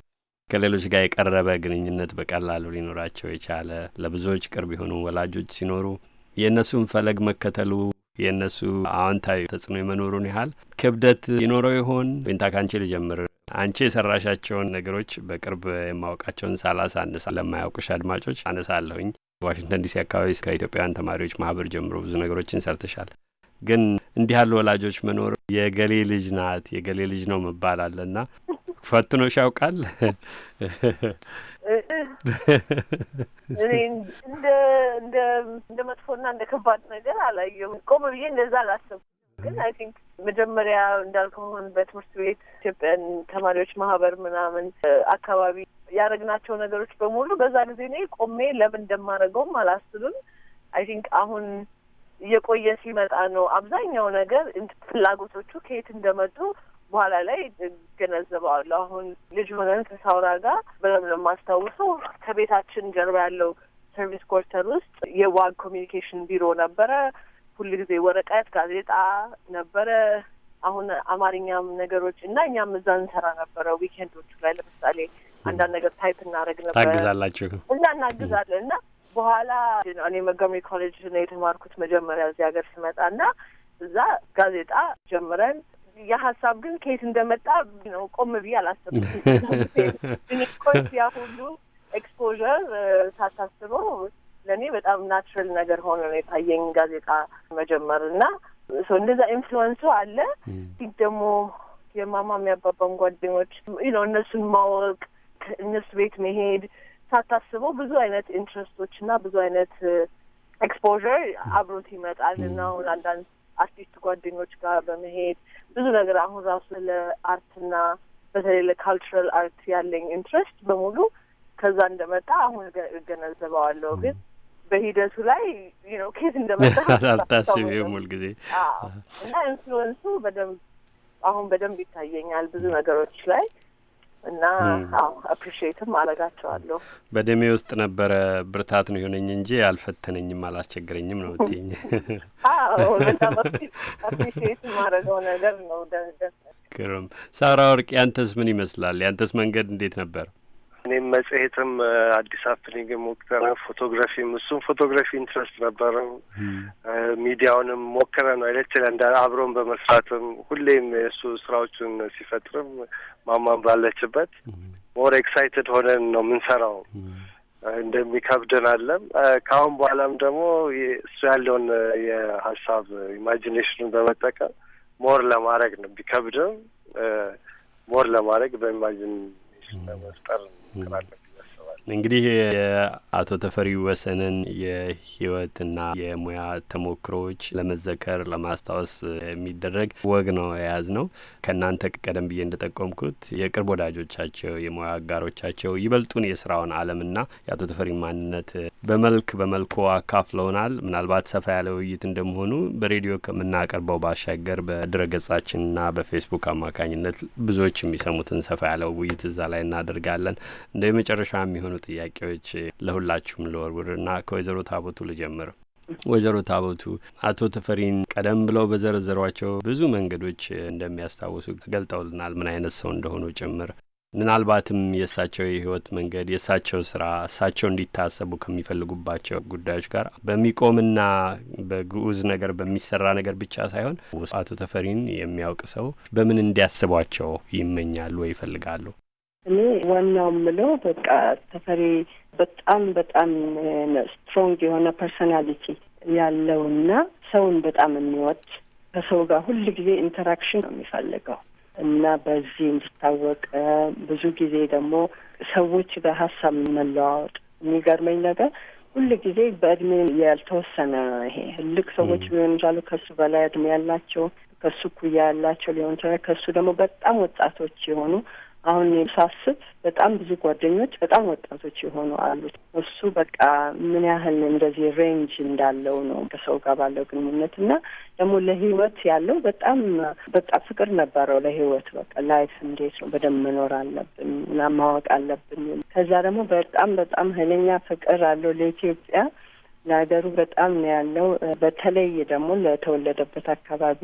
[SPEAKER 1] ከሌሎች ጋር የቀረበ ግንኙነት በቀላሉ ሊኖራቸው የቻለ ለብዙዎች ቅርብ የሆኑ ወላጆች ሲኖሩ የእነሱን ፈለግ መከተሉ የእነሱ አዎንታዊ ተጽዕኖ የመኖሩን ያህል ክብደት ይኖረው ይሆን? ቤንታ ካንቺ ልጀምር። አንቺ የሰራሻቸውን ነገሮች በቅርብ የማወቃቸውን ሳላሳ አነሳ ለማያውቁሽ አድማጮች አነሳለሁኝ። ዋሽንግተን ዲሲ አካባቢ እስከ ኢትዮጵያውያን ተማሪዎች ማህበር ጀምሮ ብዙ ነገሮችን ሰርተሻል። ግን እንዲህ ያሉ ወላጆች መኖር የገሌ ልጅ ናት የገሌ ልጅ ነው መባል አለና ፈትኖሽ ያውቃል?
[SPEAKER 12] እንደ መጥፎና እንደ ከባድ ነገር አላየሁም። ቆም ብዬ እንደዛ አላሰብኩም። ግን አይ ቲንክ መጀመሪያ እንዳልከሆን በትምህርት ቤት ኢትዮጵያን ተማሪዎች ማህበር ምናምን አካባቢ ያደረግናቸው ነገሮች በሙሉ በዛ ጊዜ እኔ ቆሜ ለምን እንደማደርገውም አላስብም። አይ ቲንክ አሁን እየቆየ ሲመጣ ነው አብዛኛው ነገር ፍላጎቶቹ ከየት እንደመጡ በኋላ ላይ እገነዘበዋለሁ። አሁን ልጅ ሆነን ከሳውራ ጋር በደምብ ነው የማስታውሰው ከቤታችን ጀርባ ያለው ሰርቪስ ኮርተር ውስጥ የዋግ ኮሚኒኬሽን ቢሮ ነበረ። ሁል ጊዜ ወረቀት፣ ጋዜጣ ነበረ። አሁን አማርኛም ነገሮች እና እኛም እዛ እንሰራ ነበረ። ዊኬንዶቹ ላይ ለምሳሌ አንዳንድ ነገር ታይፕ እናደረግ ነበረ። ታግዛላችሁ እና እናግዛለን እና በኋላ እኔ መጋሜ ኮሌጅ ነው የተማርኩት መጀመሪያ እዚህ ሀገር ስመጣ እና እዛ ጋዜጣ ጀምረን የሀሳብ ግን ከየት እንደመጣ ነው ቆም ብዬ አላሰብኩም። እኮ ያ ሁሉ ኤክስፖዠር ሳታስበው ለእኔ በጣም ናቹራል ነገር ሆኖ ነው የታየኝ ጋዜጣ መጀመር እና እንደዛ ኢንፍሉዌንሱ አለ። ይህ ደግሞ የማማ የሚያባባም ጓደኞች ነው እነሱን ማወቅ እነሱ ቤት መሄድ ሳታስበው ብዙ አይነት ኢንትረስቶች እና ብዙ አይነት ኤክስፖዠር አብሮት ይመጣል እና አሁን አንዳንድ አርቲስት ጓደኞች ጋር በመሄድ ብዙ ነገር አሁን ራሱ ለአርትና በተለይ ለካልቸራል አርት ያለኝ ኢንትረስት በሙሉ ከዛ እንደመጣ አሁን እገነዘበዋለሁ ግን በሂደቱ ላይ ነው ኬት እንደመጣአልታስቢውም ሁልጊዜ እና ኢንፍሉዌንሱ በደንብ አሁን በደንብ ይታየኛል ብዙ ነገሮች ላይ እና አፕሪሽትም አረጋቸዋለሁ።
[SPEAKER 1] በደሜ ውስጥ ነበረ ብርታት ነው የሆነኝ እንጂ አልፈተነኝም፣ አላስቸግረኝም ነው ትኝ አፕሪሽት
[SPEAKER 12] ማድረገው ነገር ነው።
[SPEAKER 1] ግሩም ሳራ ወርቅ፣ ያንተስ ምን ይመስላል? ያንተስ መንገድ እንዴት ነበር?
[SPEAKER 13] እኔም መጽሔትም አዲስ አፕኒንግም ሞክረ ፎቶግራፊም እሱም ፎቶግራፊ ኢንትረስት ነበረው። ሚዲያውንም ሞክረ ነው አይለችለ እንደ አብሮን በመስራትም ሁሌም የእሱ ስራዎቹን ሲፈጥርም ማማን ባለችበት ሞር ኤክሳይትድ ሆነን ነው የምንሰራው። እንደሚከብድን አለም ከአሁን በኋላም ደግሞ እሱ ያለውን የሀሳብ ኢማጂኔሽኑን በመጠቀም ሞር ለማድረግ ነው ቢከብድም ሞር ለማድረግ በኢማጂኔሽን ለመፍጠር ነው። mm
[SPEAKER 1] -hmm. እንግዲህ የአቶ ተፈሪ ወሰንን የህይወትና የሙያ ተሞክሮዎች ለመዘከር ለማስታወስ የሚደረግ ወግ ነው የያዝ ነው። ከእናንተ ቀደም ብዬ እንደጠቆምኩት የቅርብ ወዳጆቻቸው፣ የሙያ አጋሮቻቸው ይበልጡን የስራውን አለምና የአቶ ተፈሪ ማንነት በመልክ በመልኩ አካፍለውናል። ምናልባት ሰፋ ያለ ውይይት እንደመሆኑ በሬዲዮ ከምናቀርበው ባሻገር በድረገጻችንና በፌስቡክ አማካኝነት ብዙዎች የሚሰሙትን ሰፋ ያለ ውይይት እዛ ላይ እናደርጋለን። እንደ መጨረሻ የሚሆኑ ጥያቄዎች ለሁላችሁም ልወርውር እና ከወይዘሮ ታቦቱ ልጀምር። ወይዘሮ ታቦቱ አቶ ተፈሪን ቀደም ብለው በዘረዘሯቸው ብዙ መንገዶች እንደሚያስታውሱ ገልጠውልናል፣ ምን አይነት ሰው እንደሆኑ ጭምር ምናልባትም የእሳቸው የህይወት መንገድ የእሳቸው ስራ እሳቸው እንዲታሰቡ ከሚፈልጉባቸው ጉዳዮች ጋር በሚቆምና በግዑዝ ነገር በሚሰራ ነገር ብቻ ሳይሆን አቶ ተፈሪን የሚያውቅ ሰው በምን እንዲያስቧቸው ይመኛሉ ወይ ይፈልጋሉ?
[SPEAKER 14] እኔ ዋናው የምለው በቃ ተፈሪ በጣም በጣም ስትሮንግ የሆነ ፐርሶናሊቲ ያለውና ሰውን በጣም የሚወድ ከሰው ጋር ሁል ጊዜ ኢንተራክሽን ነው የሚፈልገው እና በዚህ እንዲታወቅ ብዙ ጊዜ ደግሞ ሰዎች በሀሳብ መለዋወጥ የሚገርመኝ ነገር ሁል ጊዜ በእድሜ ያልተወሰነ ይሄ ትልቅ ሰዎች ሊሆን ይችላሉ፣ ከሱ በላይ እድሜ ያላቸው፣ ከሱ እኩያ ያላቸው ሊሆን ይችላል፣ ከሱ ደግሞ በጣም ወጣቶች የሆኑ አሁን ሳስብ በጣም ብዙ ጓደኞች በጣም ወጣቶች የሆኑ አሉት። እሱ በቃ ምን ያህል እንደዚህ ሬንጅ እንዳለው ነው ከሰው ጋር ባለው ግንኙነት እና ደግሞ ለህይወት ያለው በጣም በቃ ፍቅር ነበረው ለህይወት በቃ ላይፍ እንዴት ነው በደንብ መኖር አለብን እና ማወቅ አለብን። ከዛ ደግሞ በጣም በጣም ኃይለኛ ፍቅር አለው ለኢትዮጵያ ለሀገሩ በጣም ነው ያለው። በተለይ ደግሞ ለተወለደበት አካባቢ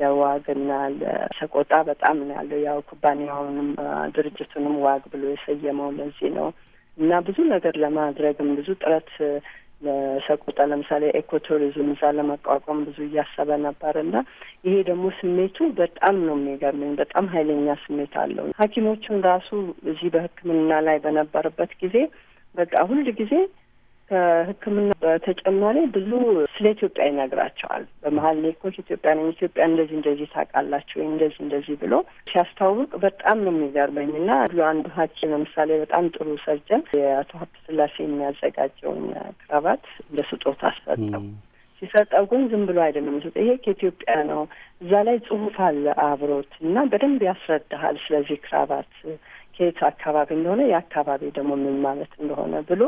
[SPEAKER 14] ለዋግና ለሰቆጣ በጣም ነው ያለው። ያው ኩባንያውንም ድርጅቱንም ዋግ ብሎ የሰየመው ለዚህ ነው እና ብዙ ነገር ለማድረግም ብዙ ጥረት ለሰቆጣ ለምሳሌ ኤኮቱሪዝም እዛ ለመቋቋም ብዙ እያሰበ ነበር እና ይሄ ደግሞ ስሜቱ በጣም ነው የሚገርመኝ። በጣም ኃይለኛ ስሜት አለው። ሀኪሞቹን ራሱ እዚህ በሕክምና ላይ በነበረበት ጊዜ በቃ ሁል ጊዜ ከሕክምና በተጨማሪ ብዙ ስለ ኢትዮጵያ ይነግራቸዋል። በመሀል ሌኮች ኢትዮጵያ ነኝ፣ ኢትዮጵያ እንደዚህ እንደዚህ ታውቃላችሁ ወይ እንደዚህ እንደዚህ ብሎ ሲያስተዋውቅ በጣም ነው የሚገርመኝ እና አንዱ ሐኪም ለምሳሌ በጣም ጥሩ ሰርጀን የአቶ ሀብተ ስላሴ የሚያዘጋጀውን ክራባት እንደ ስጦታ አስሰጠው። ሲሰጠው ግን ዝም ብሎ አይደለም ሰጠ። ይሄ ከኢትዮጵያ ነው። እዛ ላይ ጽሁፍ አለ አብሮት እና በደንብ ያስረዳሃል ስለዚህ ክራባት ከየት አካባቢ እንደሆነ የአካባቢ ደግሞ ምን ማለት እንደሆነ ብሎ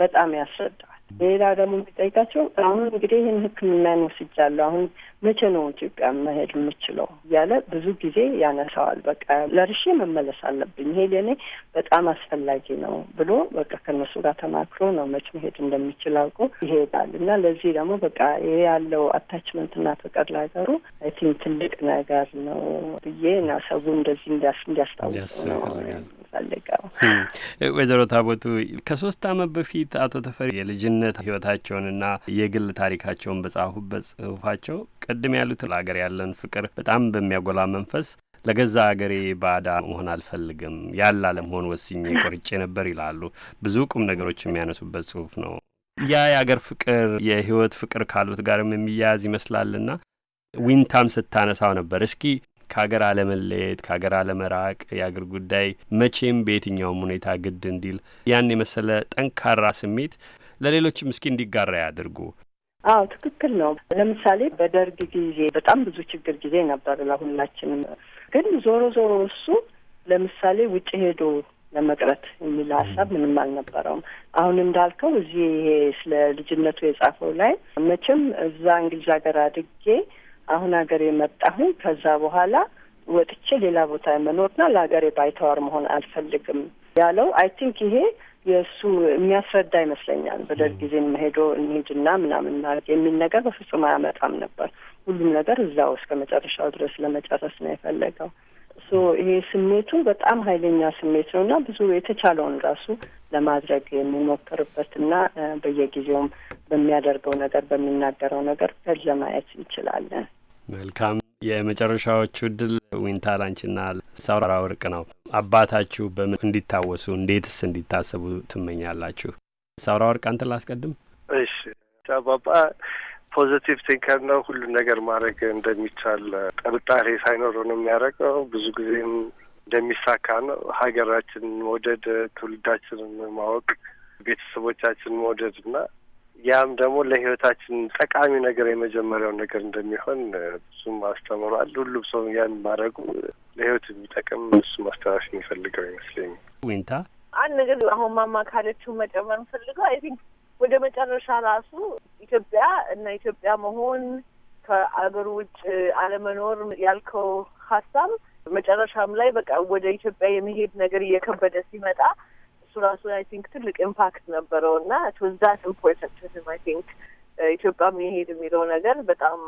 [SPEAKER 14] በጣም ያስረዳል። ሌላ ደግሞ የሚጠይቃቸው አሁን እንግዲህ ይህን ሕክምናን ወስጃለሁ አሁን መቼ ነው ኢትዮጵያ መሄድ የምችለው እያለ ብዙ ጊዜ ያነሳዋል። በቃ ለርሼ መመለስ አለብኝ ይሄ ለእኔ በጣም አስፈላጊ ነው ብሎ በቃ ከነሱ ጋር ተማክሮ ነው መች መሄድ እንደሚችል አውቆ ይሄዳል። እና ለዚህ ደግሞ በቃ ይሄ ያለው አታችመንትና ፍቅር ለሀገሩ አይ ቲንክ ትልቅ ነገር ነው ብዬ እና ሰው እንደዚህ እንዲያስታውቅ ነው ፈልገው።
[SPEAKER 1] ወይዘሮ ታቦቱ ከሶስት አመት በፊት አቶ ተፈሪ የልጅና የወጣትነት ህይወታቸውንና የግል ታሪካቸውን በጻፉበት ጽሁፋቸው ቅድም ያሉት ለአገር ያለን ፍቅር በጣም በሚያጎላ መንፈስ ለገዛ አገሬ ባዳ መሆን አልፈልግም ያለ አለመሆን ወስኜ ቆርጬ ነበር ይላሉ። ብዙ ቁም ነገሮች የሚያነሱበት ጽሁፍ ነው። ያ የአገር ፍቅር የህይወት ፍቅር ካሉት ጋርም የሚያያዝ ይመስላልና ዊንታም ስታነሳው ነበር። እስኪ ከሀገር አለመለየት፣ ከሀገር አለመራቅ የአገር ጉዳይ መቼም በየትኛውም ሁኔታ ግድ እንዲል ያን የመሰለ ጠንካራ ስሜት ለሌሎችም እስኪ እንዲጋራ ያድርጉ።
[SPEAKER 14] አዎ ትክክል ነው። ለምሳሌ በደርግ ጊዜ በጣም ብዙ ችግር ጊዜ ነበር ለሁላችንም። ግን ዞሮ ዞሮ እሱ ለምሳሌ ውጭ ሄዶ ለመቅረት የሚል ሀሳብ ምንም አልነበረውም። አሁን እንዳልከው እዚህ ይሄ ስለ ልጅነቱ የጻፈው ላይ መቼም እዛ እንግሊዝ ሀገር አድጌ አሁን ሀገር የመጣሁኝ ከዛ በኋላ ወጥቼ ሌላ ቦታ መኖርና ለሀገሬ ባይተዋር መሆን አልፈልግም ያለው አይ ቲንክ ይሄ የእሱ የሚያስረዳ ይመስለኛል። በደርግ ጊዜ መሄዶ እንሂድና ምናምን ማለት የሚል ነገር በፍጹም አያመጣም ነበር። ሁሉም ነገር እዛው እስከ መጨረሻው ድረስ ለመጨረስ ነው የፈለገው። ይሄ ስሜቱ በጣም ኃይለኛ ስሜት ነው እና ብዙ የተቻለውን ራሱ ለማድረግ የሚሞክርበት እና በየጊዜውም በሚያደርገው ነገር በሚናገረው ነገር ለማየት እንችላለን።
[SPEAKER 1] መልካም የመጨረሻዎቹ ድል ዊንታ ላንችና ሳራ ወርቅ ነው። አባታችሁ በምን እንዲታወሱ እንዴትስ እንዲታሰቡ ትመኛላችሁ? ሳራ ወርቅ አንተ ላስቀድም።
[SPEAKER 13] እሺ አባባ ፖዘቲቭ ቲንከር ነው። ሁሉን ነገር ማድረግ እንደሚቻል ጥርጣሬ ሳይኖረው ነው የሚያደርገው። ብዙ ጊዜም እንደሚሳካ ነው። ሀገራችንን መውደድ፣ ትውልዳችንን ማወቅ፣ ቤተሰቦቻችንን መውደድ እና ያም ደግሞ ለህይወታችን ጠቃሚ ነገር የመጀመሪያውን ነገር እንደሚሆን ብዙም አስተምሯል። ሁሉም ሰው ያን ማድረጉ ለህይወት የሚጠቅም እሱ ማስተራሽ የሚፈልገው ይመስለኝ።
[SPEAKER 1] ዊንታ አንድ ነገር
[SPEAKER 12] አሁን ማማ ካለችው መጨመር ፈልገው አይ ቲንክ ወደ መጨረሻ ራሱ ኢትዮጵያ እና ኢትዮጵያ መሆን ከአገር ውጭ አለመኖር ያልከው ሀሳብ መጨረሻም ላይ በቃ ወደ ኢትዮጵያ የመሄድ ነገር እየከበደ ሲመጣ እሱ ራሱ አይ ቲንክ ትልቅ ኢምፓክት ነበረው እና ዛት ኢምፖርታንት ህም አይ ቲንክ ኢትዮጵያ መሄድ የሚለው ነገር በጣም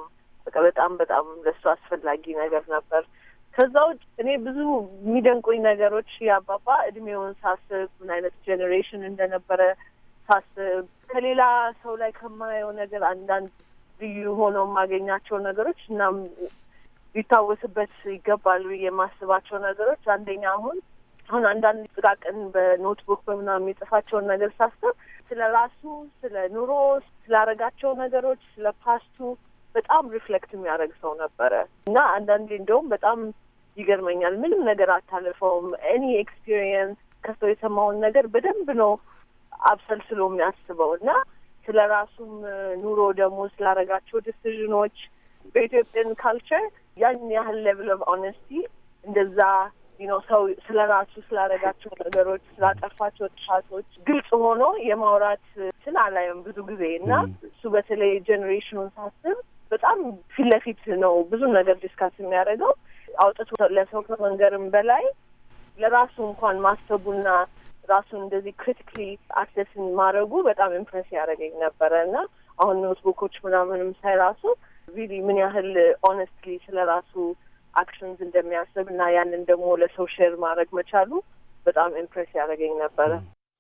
[SPEAKER 12] በቃ በጣም በጣም ለሱ አስፈላጊ ነገር ነበር። ከዛ ውጭ እኔ ብዙ የሚደንቁኝ ነገሮች የአባባ እድሜውን ሳስብ ምን አይነት ጄኔሬሽን እንደነበረ ሳስብ ከሌላ ሰው ላይ ከማየው ነገር አንዳንድ ልዩ ሆነው የማገኛቸው ነገሮች እናም ሊታወስበት ይገባሉ የማስባቸው ነገሮች አንደኛ አሁን አሁን አንዳንድ ጥቃቅን በኖትቡክ በምና የሚጽፋቸውን ነገር ሳስብ ስለ ራሱ፣ ስለ ኑሮ፣ ስላረጋቸው ነገሮች፣ ስለ ፓስቱ በጣም ሪፍሌክት የሚያደርግ ሰው ነበረ እና አንዳንዴ እንደውም በጣም ይገርመኛል። ምንም ነገር አታልፈውም። ኤኒ ኤክስፒሪየንስ ከሰው የሰማውን ነገር በደንብ ነው አብሰልስሎ የሚያስበው እና ስለ ራሱም ኑሮ ደግሞ ስላረጋቸው ዲሲዥኖች በኢትዮጵያን ካልቸር ያን ያህል ሌቭል ኦፍ ኦነስቲ እንደዛ ነው ሰው ስለ ራሱ ስላደረጋቸው ነገሮች ስላጠፋቸው ጥፋቶች ግልጽ ሆኖ የማውራት ስል አላየም ብዙ ጊዜ እና እሱ በተለይ ጀኔሬሽኑን ሳስብ በጣም ፊት ለፊት ነው ብዙ ነገር ዲስካስ የሚያደርገው አውጥቶ ለሰው ከመንገርም በላይ ለራሱ እንኳን ማሰቡና ራሱን እንደዚህ ክሪቲክሊ አክሰስን ማድረጉ በጣም ኢምፕሬስ ያደረገኝ ነበረ እና አሁን ኖትቡኮች ምናምንም ሳይ ራሱ ሪሊ ምን ያህል ኦነስትሊ ስለ ራሱ አክሽንስ እንደሚያስብ እና ያንን ደግሞ ለሰው ሼር ማድረግ መቻሉ በጣም ኢምፕሬስ ያደረገኝ ነበረ።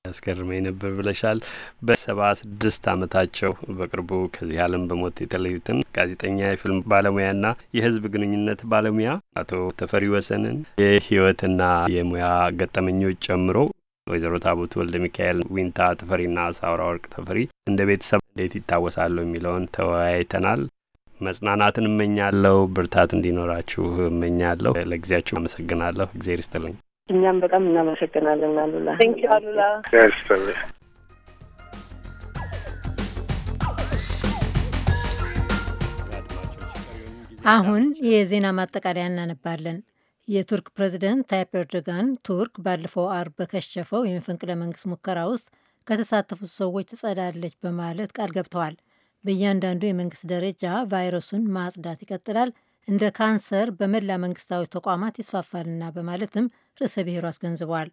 [SPEAKER 1] ያስገርመኝ ነበር ብለሻል። በሰባ ስድስት አመታቸው በቅርቡ ከዚህ ዓለም በሞት የተለዩትን ጋዜጠኛ የፊልም ባለሙያና የህዝብ ግንኙነት ባለሙያ አቶ ተፈሪ ወሰንን የህይወትና የሙያ ገጠመኞች ጨምሮ ወይዘሮ ታቦት ወልደ ሚካኤል ዊንታ ተፈሪና ሳውራ ወርቅ ተፈሪ እንደ ቤተሰብ እንዴት ይታወሳሉ የሚለውን ተወያይተናል። መጽናናትን እመኛለሁ። ብርታት እንዲኖራችሁ እመኛለሁ። ለጊዜያችሁ አመሰግናለሁ። እግዜር ይስጥልኝ።
[SPEAKER 14] እኛም በጣም እናመሰግናለን አሉላ። ቴንኪው አሉላ።
[SPEAKER 5] አሁን የዜና ማጠቃለያ እናነባለን። የቱርክ ፕሬዚደንት ታይፕ ኤርዶጋን ቱርክ ባለፈው አርብ በከሸፈው የመፈንቅለ መንግስት ሙከራ ውስጥ ከተሳተፉት ሰዎች ትጸዳለች በማለት ቃል ገብተዋል። በእያንዳንዱ የመንግስት ደረጃ ቫይረሱን ማጽዳት ይቀጥላል፣ እንደ ካንሰር በመላ መንግስታዊ ተቋማት ይስፋፋልና በማለትም ርዕሰ ብሔሩ አስገንዝበዋል።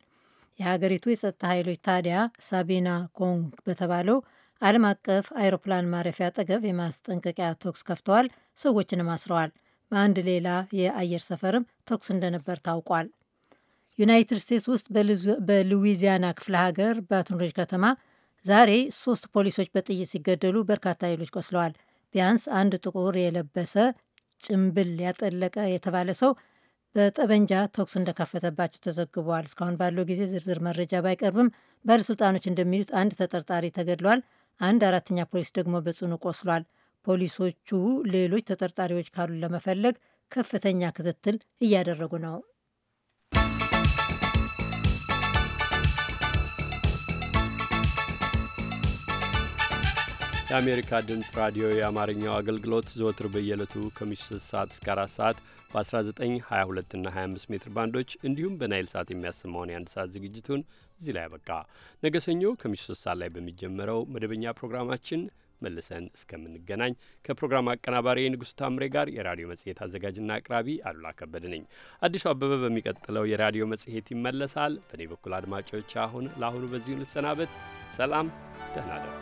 [SPEAKER 5] የሀገሪቱ የጸጥታ ኃይሎች ታዲያ ሳቢና ኮንግ በተባለው ዓለም አቀፍ አይሮፕላን ማረፊያ አጠገብ የማስጠንቀቂያ ተኩስ ከፍተዋል፣ ሰዎችንም አስረዋል። በአንድ ሌላ የአየር ሰፈርም ተኩስ እንደነበር ታውቋል። ዩናይትድ ስቴትስ ውስጥ በሉዊዚያና ክፍለ ሀገር ባቶን ከተማ ዛሬ ሶስት ፖሊሶች በጥይት ሲገደሉ በርካታ ሌሎች ቆስለዋል። ቢያንስ አንድ ጥቁር የለበሰ ጭምብል ያጠለቀ የተባለ ሰው በጠበንጃ ተኩስ እንደከፈተባቸው ተዘግቧል። እስካሁን ባለው ጊዜ ዝርዝር መረጃ ባይቀርብም ባለሥልጣኖች እንደሚሉት አንድ ተጠርጣሪ ተገድሏል፣ አንድ አራተኛ ፖሊስ ደግሞ በጽኑ ቆስሏል። ፖሊሶቹ ሌሎች ተጠርጣሪዎች ካሉ ለመፈለግ ከፍተኛ ክትትል እያደረጉ ነው።
[SPEAKER 1] የአሜሪካ ድምፅ ራዲዮ የአማርኛው አገልግሎት ዘወትር በየዕለቱ ከምሽቱ 3 ሰዓት እስከ 4 ሰዓት በ1922 እና 25 ሜትር ባንዶች እንዲሁም በናይል ሰዓት የሚያሰማውን የአንድ ሰዓት ዝግጅቱን እዚህ ላይ ያበቃ። ነገ ሰኞ ከምሽቱ 3 ሰዓት ላይ በሚጀመረው መደበኛ ፕሮግራማችን መልሰን እስከምንገናኝ ከፕሮግራም አቀናባሪ ንጉሥ ታምሬ ጋር የራዲዮ መጽሔት አዘጋጅና አቅራቢ አሉላ ከበደ ነኝ። አዲሱ አበበ በሚቀጥለው የራዲዮ መጽሔት ይመለሳል። በእኔ በኩል አድማጮች፣ አሁን ለአሁኑ በዚሁ ልሰናበት። ሰላም፣ ደህና ደሩ።